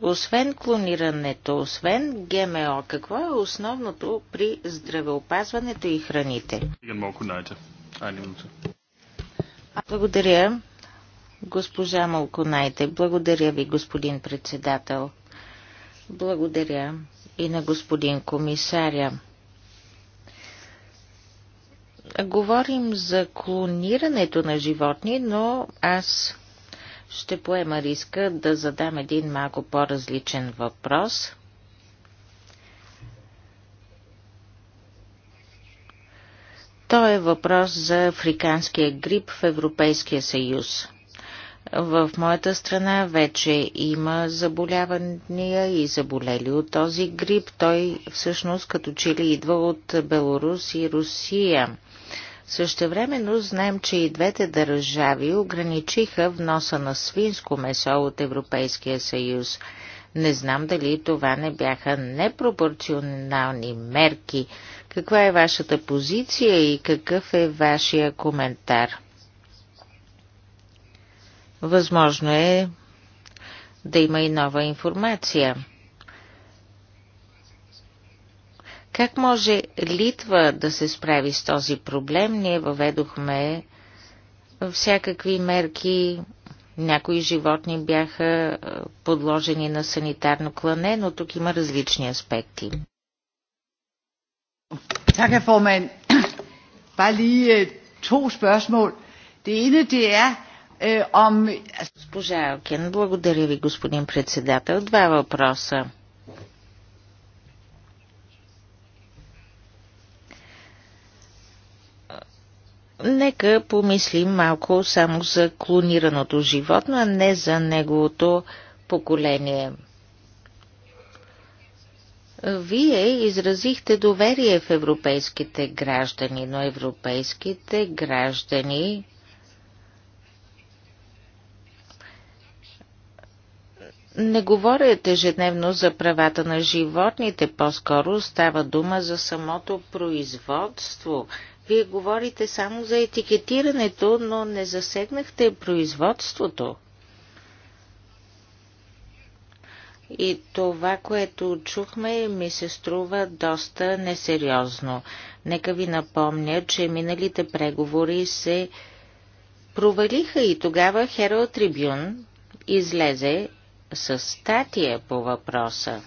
Освен клонирането, освен ГМО, какво е основното при здравеопазването и храните? Благодаря, госпожа Малконайте. Благодаря ви, господин председател. Благодаря и на господин комисаря. Говорим за клонирането на животни, но аз ще поема риска да задам един малко по-различен въпрос. То е въпрос за африканския грип в Европейския съюз. В моята страна вече има заболявания и заболели от този грип. Той всъщност като че ли идва от Беларус и Русия. Същевременно знаем, че и двете държави ограничиха вноса на свинско месо от Европейския съюз. Не знам дали това не бяха непропорционални мерки. Каква е вашата позиция и какъв е вашия коментар? Възможно е да има и нова информация. Как може Литва да се справи с този проблем? Ние въведохме всякакви мерки. Някои животни бяха подложени на санитарно клане, но тук има различни аспекти. Така, herr formand. Bare то to Det ene, det er, øh, om... Госпожа Алкен, благодаря ви, господин председател. Два въпроса. Нека помислим малко само за клонираното животно, а не за неговото поколение. Вие изразихте доверие в европейските граждани, но европейските граждани не говорят ежедневно за правата на животните, по-скоро става дума за самото производство вие говорите само за етикетирането, но не засегнахте производството. И това, което чухме, ми се струва доста несериозно. Нека ви напомня, че миналите преговори се провалиха и тогава Херал Трибюн излезе с статия по въпроса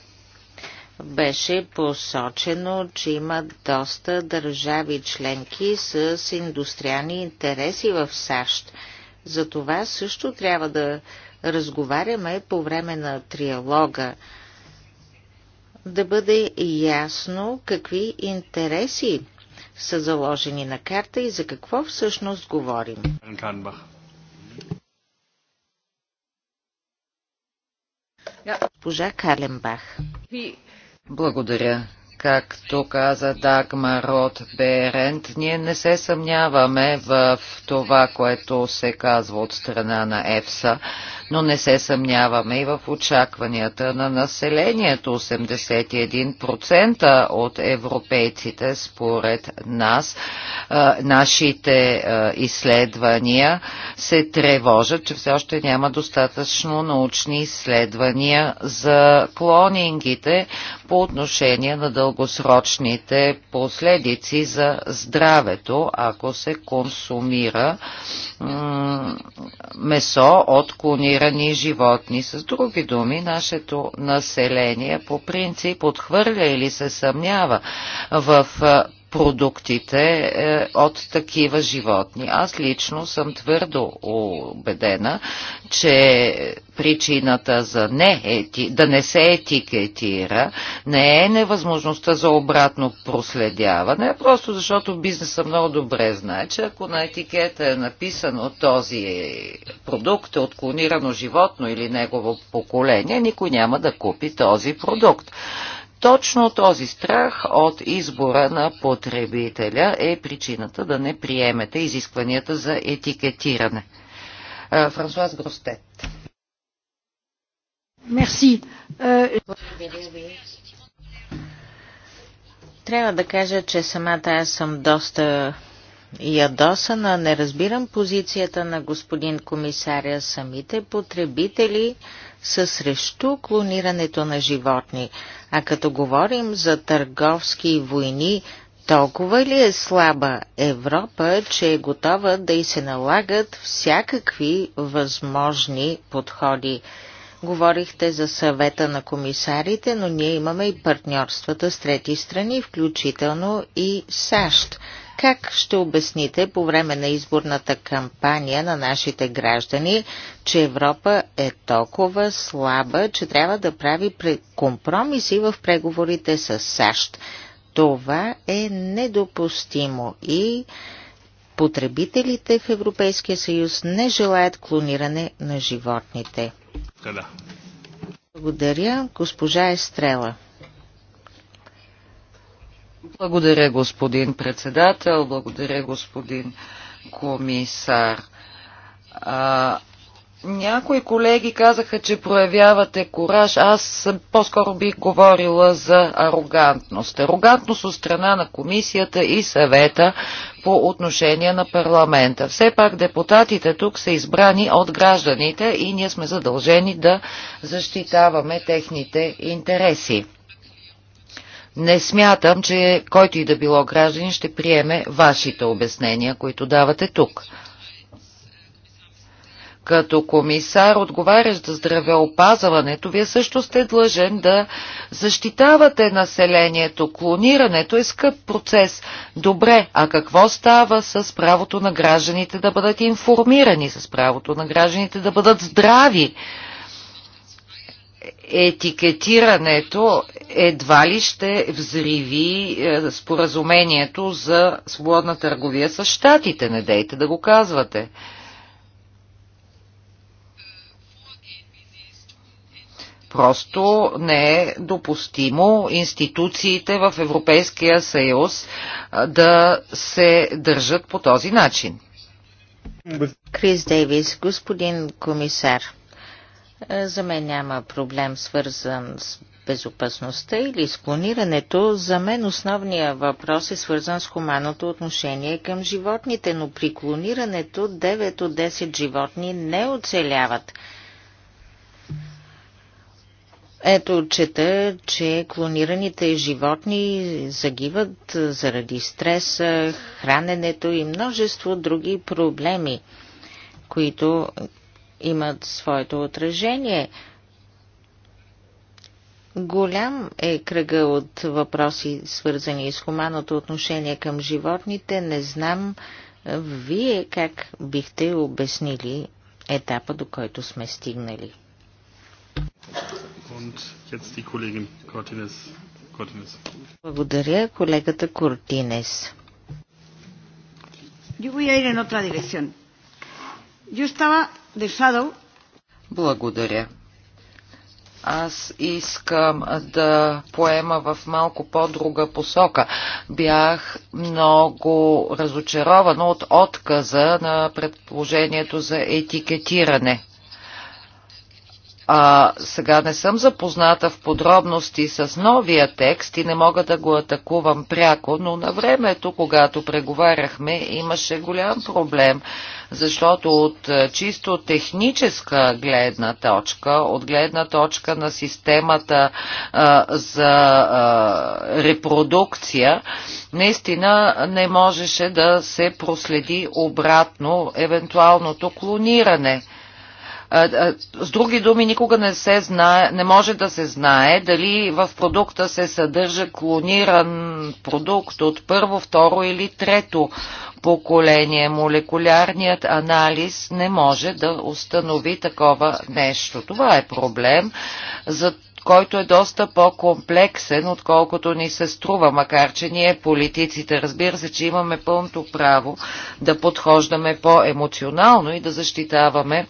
беше посочено, че има доста държави членки с индустриални интереси в САЩ. За това също трябва да разговаряме по време на триалога. Да бъде ясно какви интереси са заложени на карта и за какво всъщност говорим. Пожа Каленбах. Благодаря, Както каза Дагма Род Берент, ние не се съмняваме в това, което се казва от страна на ЕФСА, но не се съмняваме и в очакванията на населението. 81% от европейците, според нас, нашите изследвания се тревожат, че все още няма достатъчно научни изследвания за клонингите по отношение на дълго дългосрочните последици за здравето, ако се консумира месо от клонирани животни. С други думи, нашето население по принцип отхвърля или се съмнява в продуктите е, от такива животни. Аз лично съм твърдо убедена, че причината за не ети, да не се етикетира не е невъзможността за обратно проследяване, а просто защото бизнеса много добре знае, че ако на етикета е написано този продукт е отклонирано животно или негово поколение, никой няма да купи този продукт. Точно този страх от избора на потребителя е причината да не приемете изискванията за етикетиране. Франсуаз Гростет. Е, трябва да кажа, че самата аз съм доста ядосана. Не разбирам позицията на господин комисаря. Самите потребители са срещу клонирането на животни. А като говорим за търговски войни, толкова ли е слаба Европа, че е готова да и се налагат всякакви възможни подходи? Говорихте за съвета на комисарите, но ние имаме и партньорствата с трети страни, включително и САЩ. Как ще обясните по време на изборната кампания на нашите граждани, че Европа е толкова слаба, че трябва да прави компромиси в преговорите с САЩ? Това е недопустимо и потребителите в Европейския съюз не желаят клониране на животните. Када? Благодаря, госпожа Естрела. Благодаря, господин председател, благодаря, господин комисар. А, някои колеги казаха, че проявявате кораж. Аз по-скоро бих говорила за арогантност. Арогантност от страна на комисията и съвета по отношение на парламента. Все пак депутатите тук са избрани от гражданите и ние сме задължени да защитаваме техните интереси. Не смятам, че който и да било гражданин ще приеме вашите обяснения, които давате тук като комисар, отговарящ за здравеопазването, вие също сте длъжен да защитавате населението. Клонирането е скъп процес. Добре, а какво става с правото на гражданите да бъдат информирани, с правото на гражданите да бъдат здрави? етикетирането едва ли ще взриви е, споразумението за свободна търговия с щатите. Не дейте да го казвате. Просто не е допустимо институциите в Европейския съюз да се държат по този начин. Крис Дейвис, господин комисар, за мен няма проблем свързан с безопасността или с клонирането. За мен основният въпрос е свързан с хуманното отношение към животните, но при клонирането 9 от 10 животни не оцеляват – ето, чета, че клонираните животни загиват заради стреса, храненето и множество други проблеми, които имат своето отражение. Голям е кръга от въпроси, свързани с хуманото отношение към животните. Не знам вие как бихте обяснили етапа, до който сме стигнали. Und jetzt die Kollegin Cortines. Cortines. Благодаря, колегата Кортинес. Yo voy a ir en otra dirección. Yo estaba de shadow. Благодаря. Аз искам да поема в малко по-друга посока. Бях много разочарована от отказа на предположението за етикетиране. А, сега не съм запозната в подробности с новия текст и не мога да го атакувам пряко, но на времето, когато преговаряхме, имаше голям проблем, защото от е, чисто техническа гледна точка, от гледна точка на системата а, е, за а, е, репродукция, наистина не можеше да се проследи обратно евентуалното клониране. С други думи, никога не, се знае, не може да се знае дали в продукта се съдържа клониран продукт от първо, второ или трето поколение. Молекулярният анализ не може да установи такова нещо. Това е проблем, за който е доста по-комплексен, отколкото ни се струва, макар че ние политиците, разбира се, че имаме пълното право да подхождаме по-емоционално и да защитаваме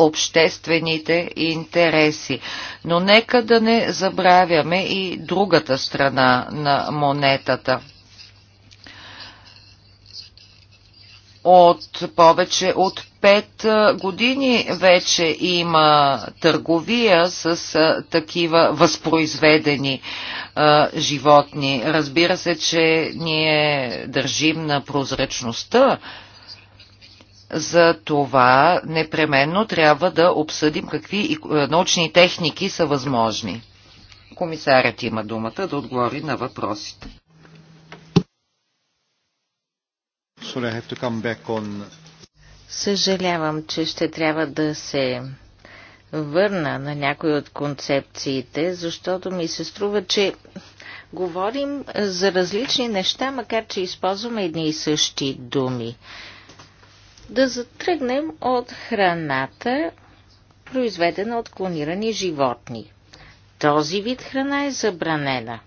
обществените интереси. Но нека да не забравяме и другата страна на монетата. От повече от пет години вече има търговия с такива възпроизведени а, животни. Разбира се, че ние държим на прозрачността за това непременно трябва да обсъдим какви е, научни техники са възможни. Комисарят има думата да отговори на въпросите. Съжалявам, че ще трябва да се върна на някои от концепциите, защото ми се струва, че говорим за различни неща, макар че използваме едни и същи думи да затръгнем от храната, произведена от клонирани животни. Този вид храна е забранена.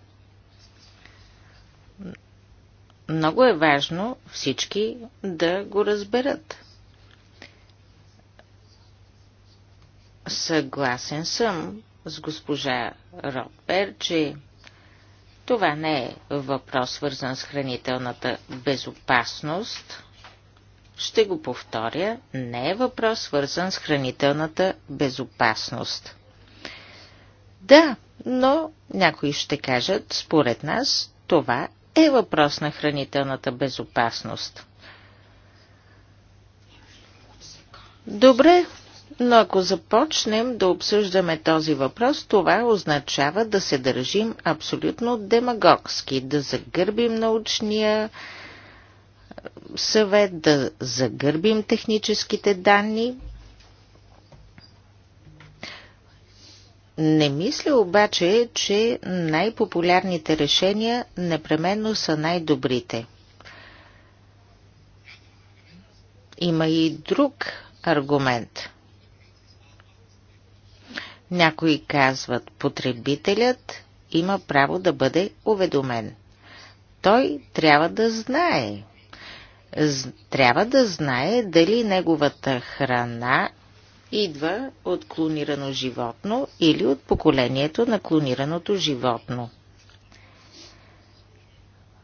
Много е важно всички да го разберат. Съгласен съм с госпожа Ротбер, че това не е въпрос свързан с хранителната безопасност – ще го повторя, не е въпрос свързан с хранителната безопасност. Да, но някои ще кажат, според нас, това е въпрос на хранителната безопасност. Добре, но ако започнем да обсъждаме този въпрос, това означава да се държим абсолютно демагогски, да загърбим научния съвет, да загърбим техническите данни. Не мисля обаче, че най-популярните решения непременно са най-добрите. Има и друг аргумент. Някои казват, потребителят има право да бъде уведомен. Той трябва да знае трябва да знае дали неговата храна идва от клонирано животно или от поколението на клонираното животно.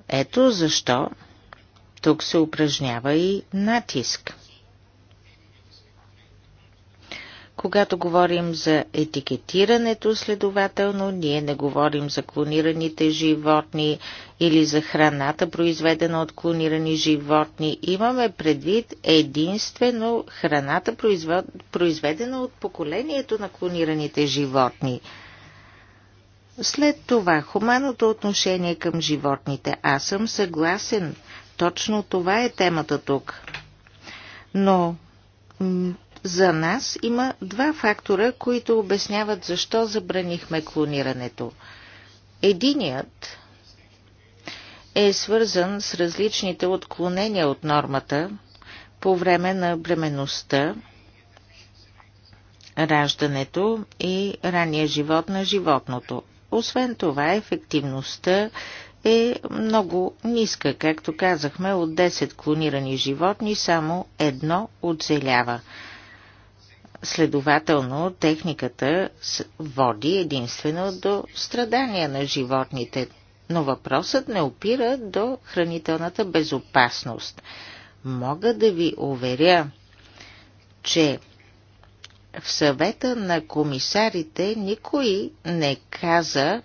Ето защо тук се упражнява и натиск. Когато говорим за етикетирането, следователно, ние не говорим за клонираните животни или за храната, произведена от клонирани животни. Имаме предвид единствено храната, произведена от поколението на клонираните животни. След това, хуманото отношение към животните. Аз съм съгласен. Точно това е темата тук. Но за нас има два фактора, които обясняват защо забранихме клонирането. Единият е свързан с различните отклонения от нормата по време на бременността, раждането и ранния живот на животното. Освен това, ефективността е много ниска, както казахме, от 10 клонирани животни само едно оцелява – Следователно, техниката води единствено до страдания на животните, но въпросът не опира до хранителната безопасност. Мога да ви уверя, че в съвета на комисарите никой не каза,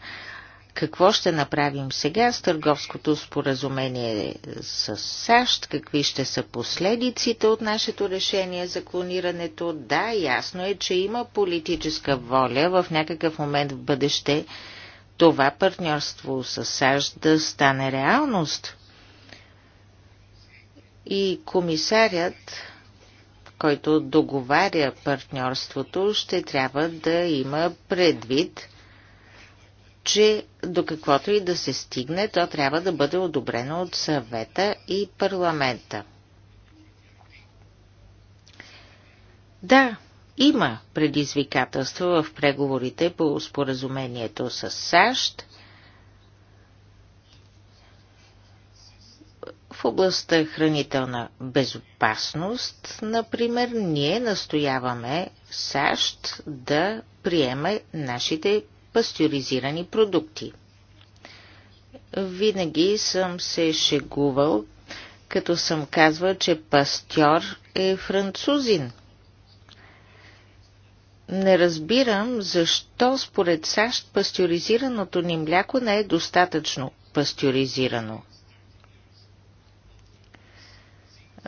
какво ще направим сега с търговското споразумение с САЩ, какви ще са последиците от нашето решение за клонирането. Да, ясно е, че има политическа воля в някакъв момент в бъдеще това партньорство с САЩ да стане реалност. И комисарят, който договаря партньорството, ще трябва да има предвид – че до каквото и да се стигне, то трябва да бъде одобрено от съвета и парламента. Да, има предизвикателства в преговорите по споразумението с САЩ в областта хранителна безопасност. Например, ние настояваме САЩ да приеме нашите пастеризирани продукти. Винаги съм се шегувал, като съм казвал, че пастьор е французин. Не разбирам защо според САЩ пастеризираното ни мляко не е достатъчно пастеризирано.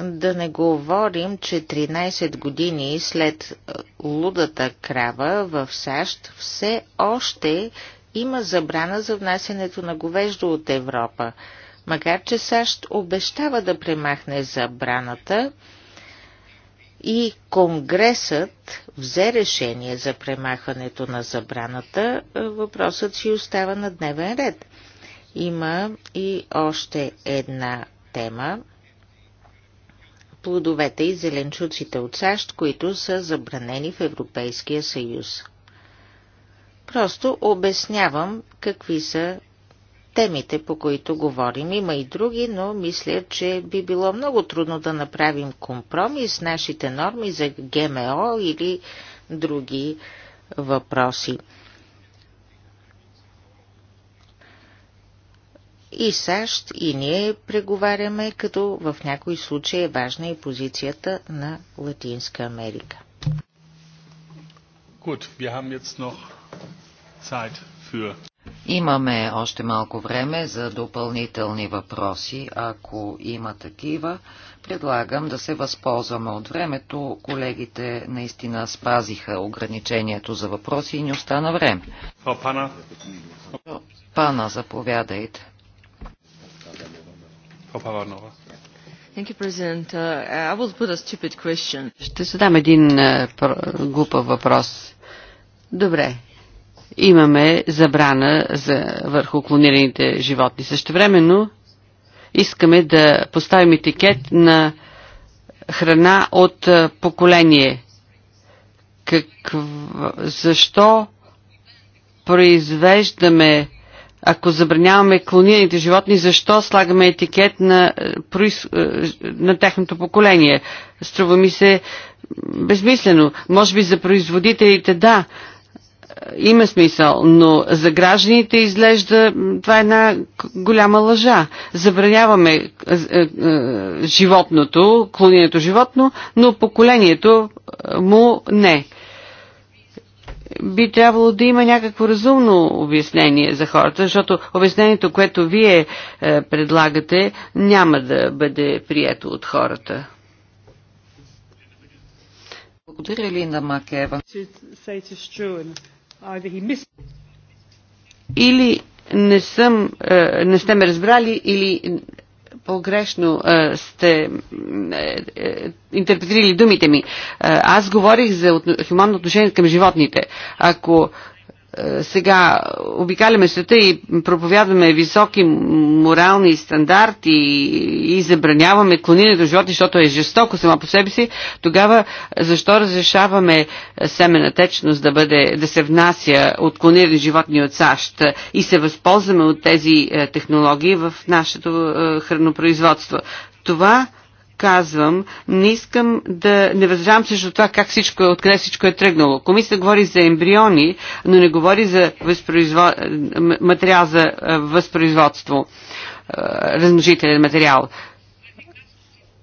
Да не говорим, че 13 години след е, лудата крава в САЩ все още има забрана за внасянето на говеждо от Европа. Макар, че САЩ обещава да премахне забраната и Конгресът взе решение за премахването на забраната, е, въпросът си остава на дневен ред. Има и още една тема, плодовете и зеленчуците от САЩ, които са забранени в Европейския съюз. Просто обяснявам какви са темите, по които говорим. Има и други, но мисля, че би било много трудно да направим компромис с нашите норми за ГМО или други въпроси. и САЩ, и ние преговаряме, като в някои случаи е важна и позицията на Латинска Америка. Good, wir haben jetzt noch Zeit für Имаме още малко време за допълнителни въпроси. Ако има такива, предлагам да се възползваме от времето. Колегите наистина спазиха ограничението за въпроси и ни остана време. Пана, заповядайте. Uh, Ще задам един е, глупав въпрос. Добре. Имаме забрана за върху клонираните животни. Също времено искаме да поставим етикет на храна от е, поколение. Каква, защо произвеждаме ако забраняваме клонираните животни, защо слагаме етикет на, е, е, на техното поколение? Струва ми се безмислено. Може би за производителите да, е, има смисъл, но за гражданите изглежда това е една голяма лъжа. Забраняваме животното, клонирането животно, но поколението му не би трябвало да има някакво разумно обяснение за хората, защото обяснението, което вие е, предлагате, няма да бъде прието от хората. Благодаря, Линда Макева. Или не, съм, е, не сте ме разбрали, или погрешно а, е, сте а, е, е, интерпретирали думите ми. Аз говорих за от, хуманно отношение към животните. Ако сега обикаляме света и проповядваме високи морални стандарти и, забраняваме клонирането животни, защото е жестоко само по себе си, тогава защо разрешаваме семена течност да, бъде, да се внася от клонирани животни от САЩ и се възползваме от тези е, технологии в нашето е, хранопроизводство? Това казвам, не искам да не възражавам срещу това как всичко е, откъде всичко е тръгнало. Комисията говори за ембриони, но не говори за възпроизво... материал за възпроизводство, размножителен материал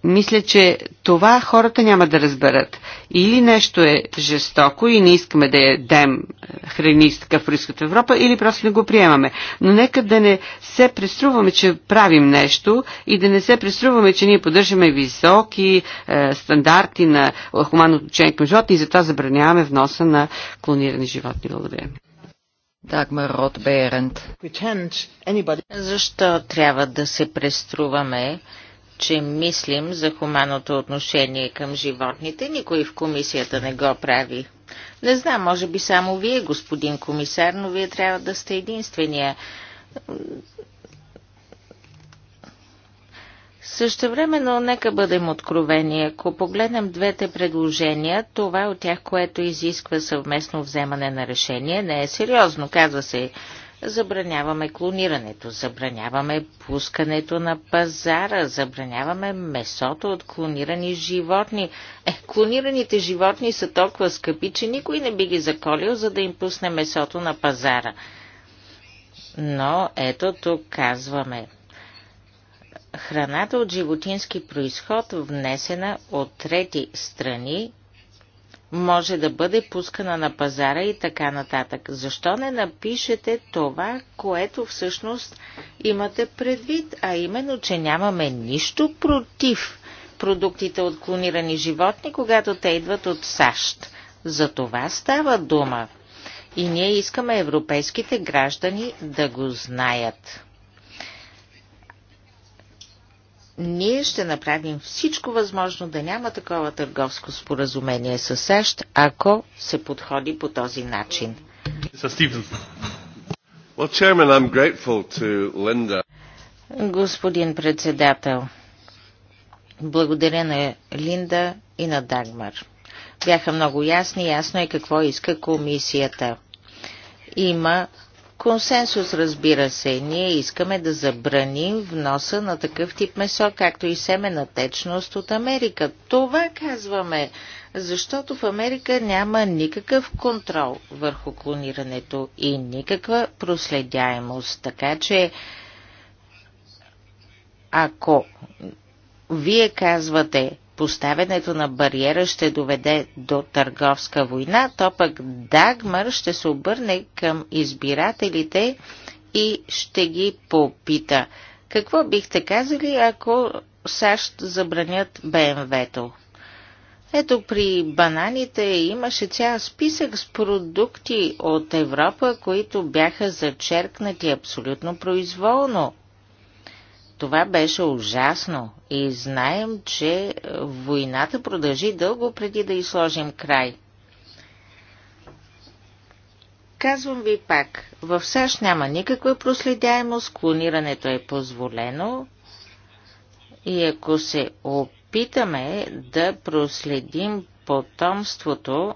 мисля, че това хората няма да разберат. Или нещо е жестоко и не искаме да ядем е, храни с такъв происход в Европа, или просто не го приемаме. Но нека да не се преструваме, че правим нещо и да не се преструваме, че ние поддържаме високи е, стандарти на хуманно отношение към животни и затова забраняваме вноса на клонирани животни. Благодаря. Дагмар Рот Защо трябва да се преструваме, че мислим за хуманото отношение към животните. Никой в комисията не го прави. Не знам, може би само вие, господин комисар, но вие трябва да сте единствения. Също но нека бъдем откровени. Ако погледнем двете предложения, това е от тях, което изисква съвместно вземане на решение, не е сериозно. Казва се Забраняваме клонирането, забраняваме пускането на пазара, забраняваме месото от клонирани животни. Е, клонираните животни са толкова скъпи, че никой не би ги заколил, за да им пусне месото на пазара. Но ето тук казваме. Храната от животински происход, внесена от трети страни, може да бъде пускана на пазара и така нататък. Защо не напишете това, което всъщност имате предвид, а именно, че нямаме нищо против продуктите от клонирани животни, когато те идват от САЩ. За това става дума. И ние искаме европейските граждани да го знаят. Ние ще направим всичко възможно да няма такова търговско споразумение с САЩ, ако се подходи по този начин. Well, Chairman, I'm grateful to Linda. Господин председател, благодаря на Линда и на Дагмар. Бяха много ясни, ясно е какво иска комисията. Има консенсус, разбира се. Ние искаме да забраним вноса на такъв тип месо, както и семена течност от Америка. Това казваме, защото в Америка няма никакъв контрол върху клонирането и никаква проследяемост. Така че, ако вие казвате, поставянето на бариера ще доведе до търговска война, то пък Дагмар ще се обърне към избирателите и ще ги попита. Какво бихте казали, ако САЩ забранят БМВ-то? Ето при бананите имаше цял списък с продукти от Европа, които бяха зачеркнати абсолютно произволно. Това беше ужасно и знаем, че е, войната продължи дълго преди да изложим край. Казвам ви пак, в САЩ няма никаква проследяемост, клонирането е позволено и ако се опитаме да проследим потомството,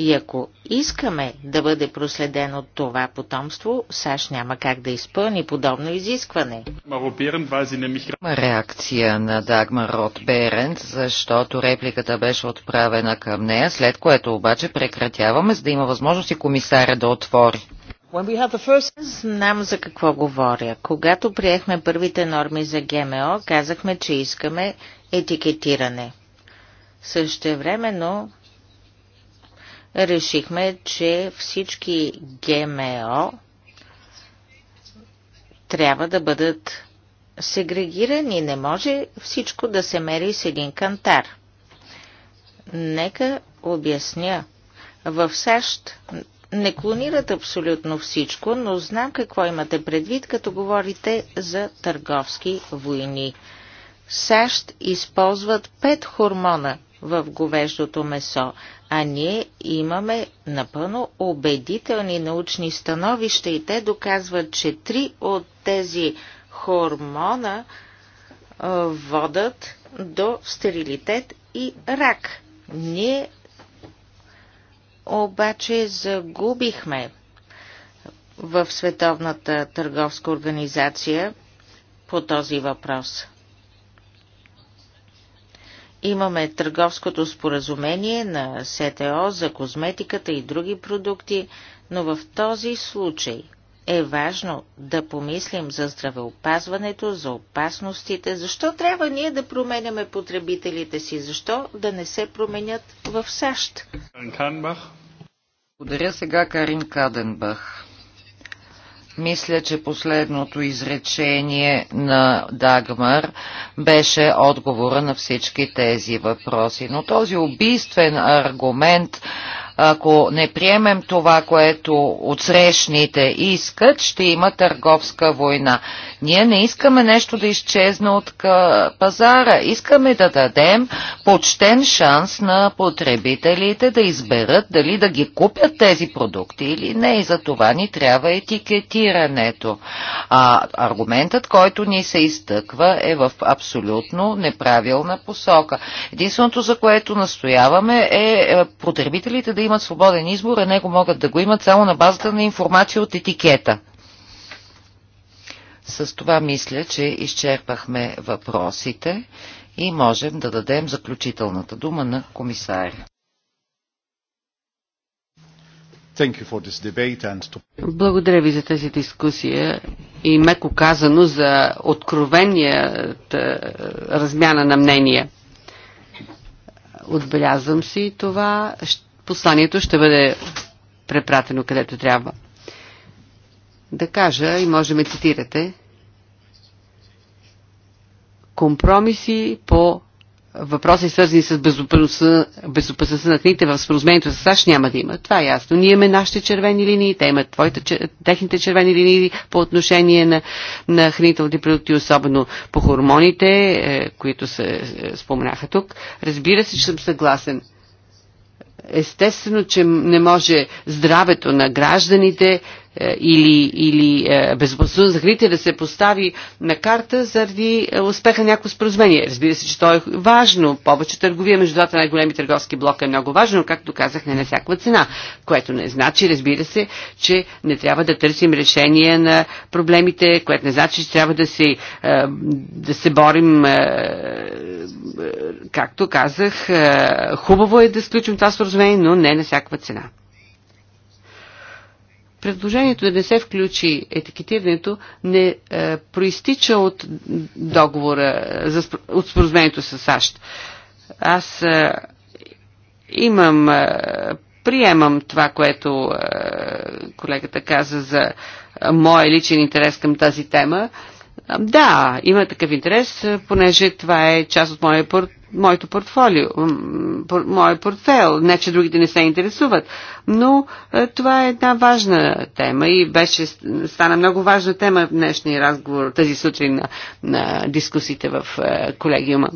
и ако искаме да бъде проследено това потомство, САЩ няма как да изпълни подобно изискване. Реакция на Дагмар Рот Беренд, защото репликата беше отправена към нея, след което обаче прекратяваме, за да има възможност и комисаря да отвори. First... Знам за какво говоря. Когато приехме първите норми за ГМО, казахме, че искаме етикетиране. Също времено решихме, че всички ГМО трябва да бъдат сегрегирани. Не може всичко да се мери с един кантар. Нека обясня. В САЩ не клонират абсолютно всичко, но знам какво имате предвид, като говорите за търговски войни. САЩ използват пет хормона в говеждото месо, а ние имаме напълно убедителни научни становища и те доказват, че три от тези хормона водат до стерилитет и рак. Ние обаче загубихме в Световната търговска организация по този въпрос. Имаме търговското споразумение на СТО за козметиката и други продукти, но в този случай е важно да помислим за здравеопазването, за опасностите. Защо трябва ние да променяме потребителите си? Защо да не се променят в САЩ? Благодаря сега Карин Каденбах. Мисля, че последното изречение на Дагмар беше отговора на всички тези въпроси. Но този убийствен аргумент, ако не приемем това, което отсрещните искат, ще има търговска война. Ние не искаме нещо да изчезне от пазара. Искаме да дадем почтен шанс на потребителите да изберат дали да ги купят тези продукти или не. И за това ни трябва етикетирането. А аргументът, който ни се изтъква е в абсолютно неправилна посока. Единственото, за което настояваме е, е потребителите да имат свободен избор, а него могат да го имат само на базата на информация от етикета. С това мисля, че изчерпахме въпросите и можем да дадем заключителната дума на комисаря. Благодаря ви за тази дискусия и меко казано за откровенията е, размяна на мнения. Отбелязвам си това. Посланието ще бъде препратено където трябва. Да кажа и може да ме цитирате компромиси по въпроси, свързани с безопасността на книгите в споразумението с САЩ няма да има. Това е ясно. Ние имаме нашите червени линии, те имат твоите, техните червени линии по отношение на, на хранителните продукти, особено по хормоните, е, които се е, споменаха тук. Разбира се, че съм съгласен. Естествено, че не може здравето на гражданите е, или, или е, безопасността за храните да се постави на карта заради е, успеха на някакво споразумение. Разбира се, че то е важно. Повече търговия между двата най-големи търговски блока е много важно, но както казах, не на всяка цена, което не значи, разбира се, че не трябва да търсим решение на проблемите, което не значи, че трябва да се, да се борим, както казах, хубаво е да сключим това споразумение, но не на всяка цена предложението е да не се включи етикетирането не е, проистича от договора, е, за, от споразумението с САЩ. Аз е, имам, е, приемам това, което е, колегата каза за е, моя личен интерес към тази тема да, има такъв интерес, понеже това е част от моя пор... моето портфолио, моя портфел. Не, че другите не се интересуват, но това е една важна тема и беше, стана много важна тема в днешния разговор, тази сутрин на, на дискусиите в колегиума.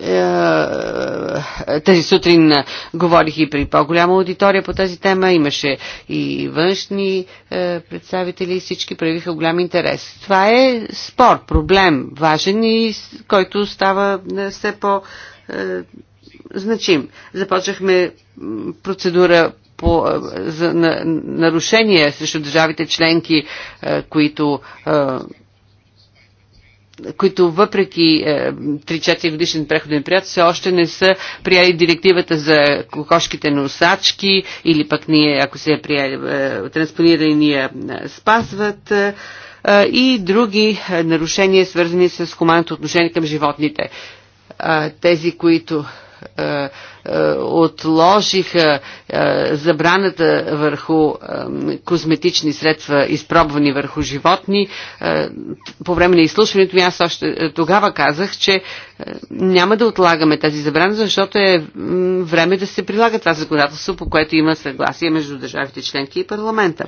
Е, тази сутрин говорих и при по-голяма аудитория по тази тема. Имаше и външни е, представители и всички проявиха голям интерес. Това е спор, проблем, важен и който става е, все по- значим. Започнахме процедура по, за на, нарушение срещу държавите членки, които които въпреки 3-4 е, годишен преходен период все още не са прияли директивата за кокошките носачки или пък ние, ако се е прияли, е, транспонирали, ние спазват е, и други нарушения, свързани с хуманното отношение към животните. Тези, които е, е, отложиха е, забраната върху козметични средства, изпробвани върху животни. По време на изслушването ми аз още тогава казах, че няма да отлагаме тази забрана, защото е време да се прилага това законодателство, по което има съгласие между държавите членки и парламента.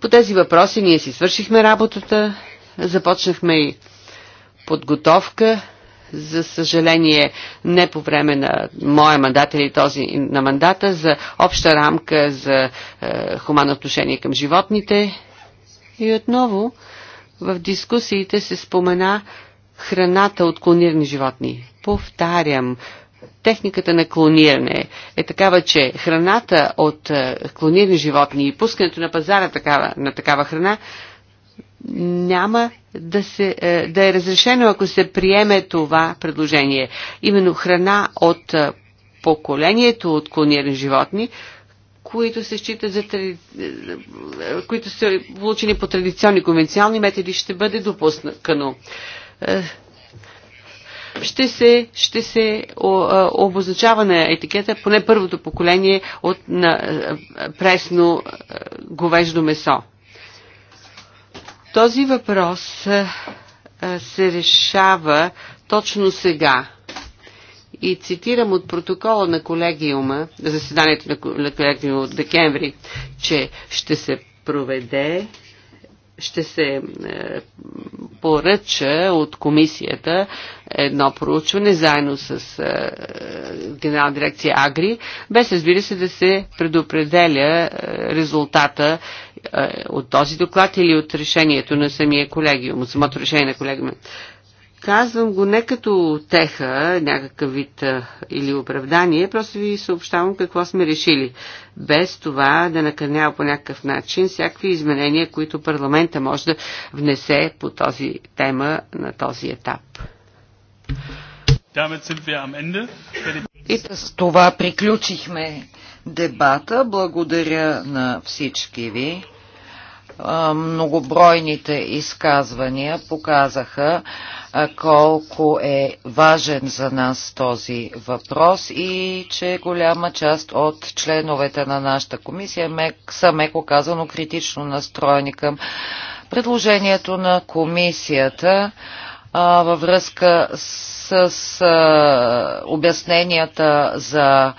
По тези въпроси ние си свършихме работата, започнахме и подготовка за съжаление не по време на моя мандат или този на мандата, за обща рамка за е, хуманно отношение към животните. И отново в дискусиите се спомена храната от клонирани животни. Повтарям, техниката на клониране е такава, че храната от е, клонирани животни и пускането на пазара такава, на такава храна няма да, се, е, да е разрешено, ако се приеме това предложение. Именно храна от е, поколението от клонирани животни, които се считат за е, които са получени по традиционни конвенционални методи, ще бъде допускано. Ще се, ще се обозначава на етикета поне първото поколение от на пресно говеждо месо. Този въпрос е, е, се решава точно сега. И цитирам от протокола на колегиума, заседанието на колегиума от декември, че ще се проведе ще се е, поръча от комисията едно проучване заедно с е, Генерална дирекция Агри, без разбира се да се предопределя е, резултата от този доклад или от решението на самия колегиум, от самото решение на колегиума. Казвам го не като теха, някакъв вид или оправдание, просто ви съобщавам какво сме решили. Без това да накърнява по някакъв начин всякакви изменения, които парламента може да внесе по този тема на този етап. И с това приключихме дебата. Благодаря на всички ви многобройните изказвания показаха колко е важен за нас този въпрос и че голяма част от членовете на нашата комисия са меко казано критично настроени към предложението на комисията във връзка с, обясненията за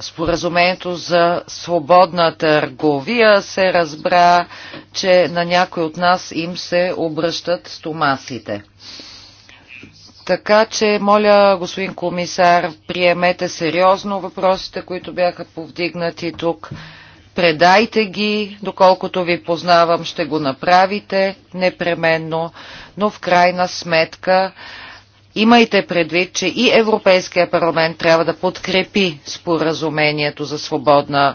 споразумението за свободна търговия се разбра, че на някой от нас им се обръщат стомасите. Така че, моля, господин комисар, приемете сериозно въпросите, които бяха повдигнати тук. Предайте ги, доколкото ви познавам, ще го направите непременно, но в крайна сметка Имайте предвид, че и Европейския парламент трябва да подкрепи споразумението за свободна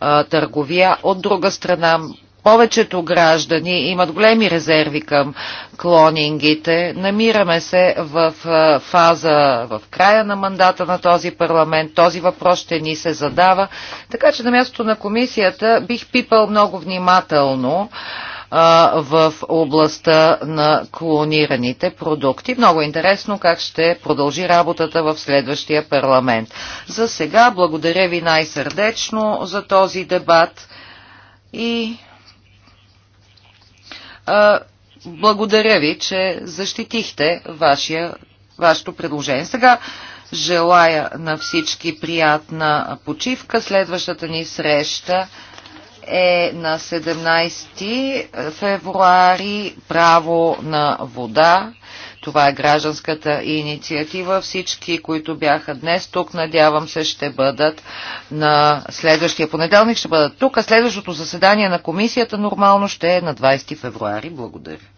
а, търговия. От друга страна, повечето граждани имат големи резерви към клонингите. Намираме се в фаза, в края на мандата на този парламент. Този въпрос ще ни се задава. Така че на мястото на комисията бих пипал много внимателно а, в областта на клонираните продукти. Много интересно как ще продължи работата в следващия парламент. За сега благодаря ви най-сърдечно за този дебат и а, благодаря ви, че защитихте вашия, вашето предложение. Сега Желая на всички приятна почивка. Следващата ни среща е на 17 февруари право на вода. Това е гражданската инициатива. Всички, които бяха днес тук, надявам се, ще бъдат на следващия понеделник, ще бъдат тук, а следващото заседание на комисията нормално ще е на 20 февруари. Благодаря.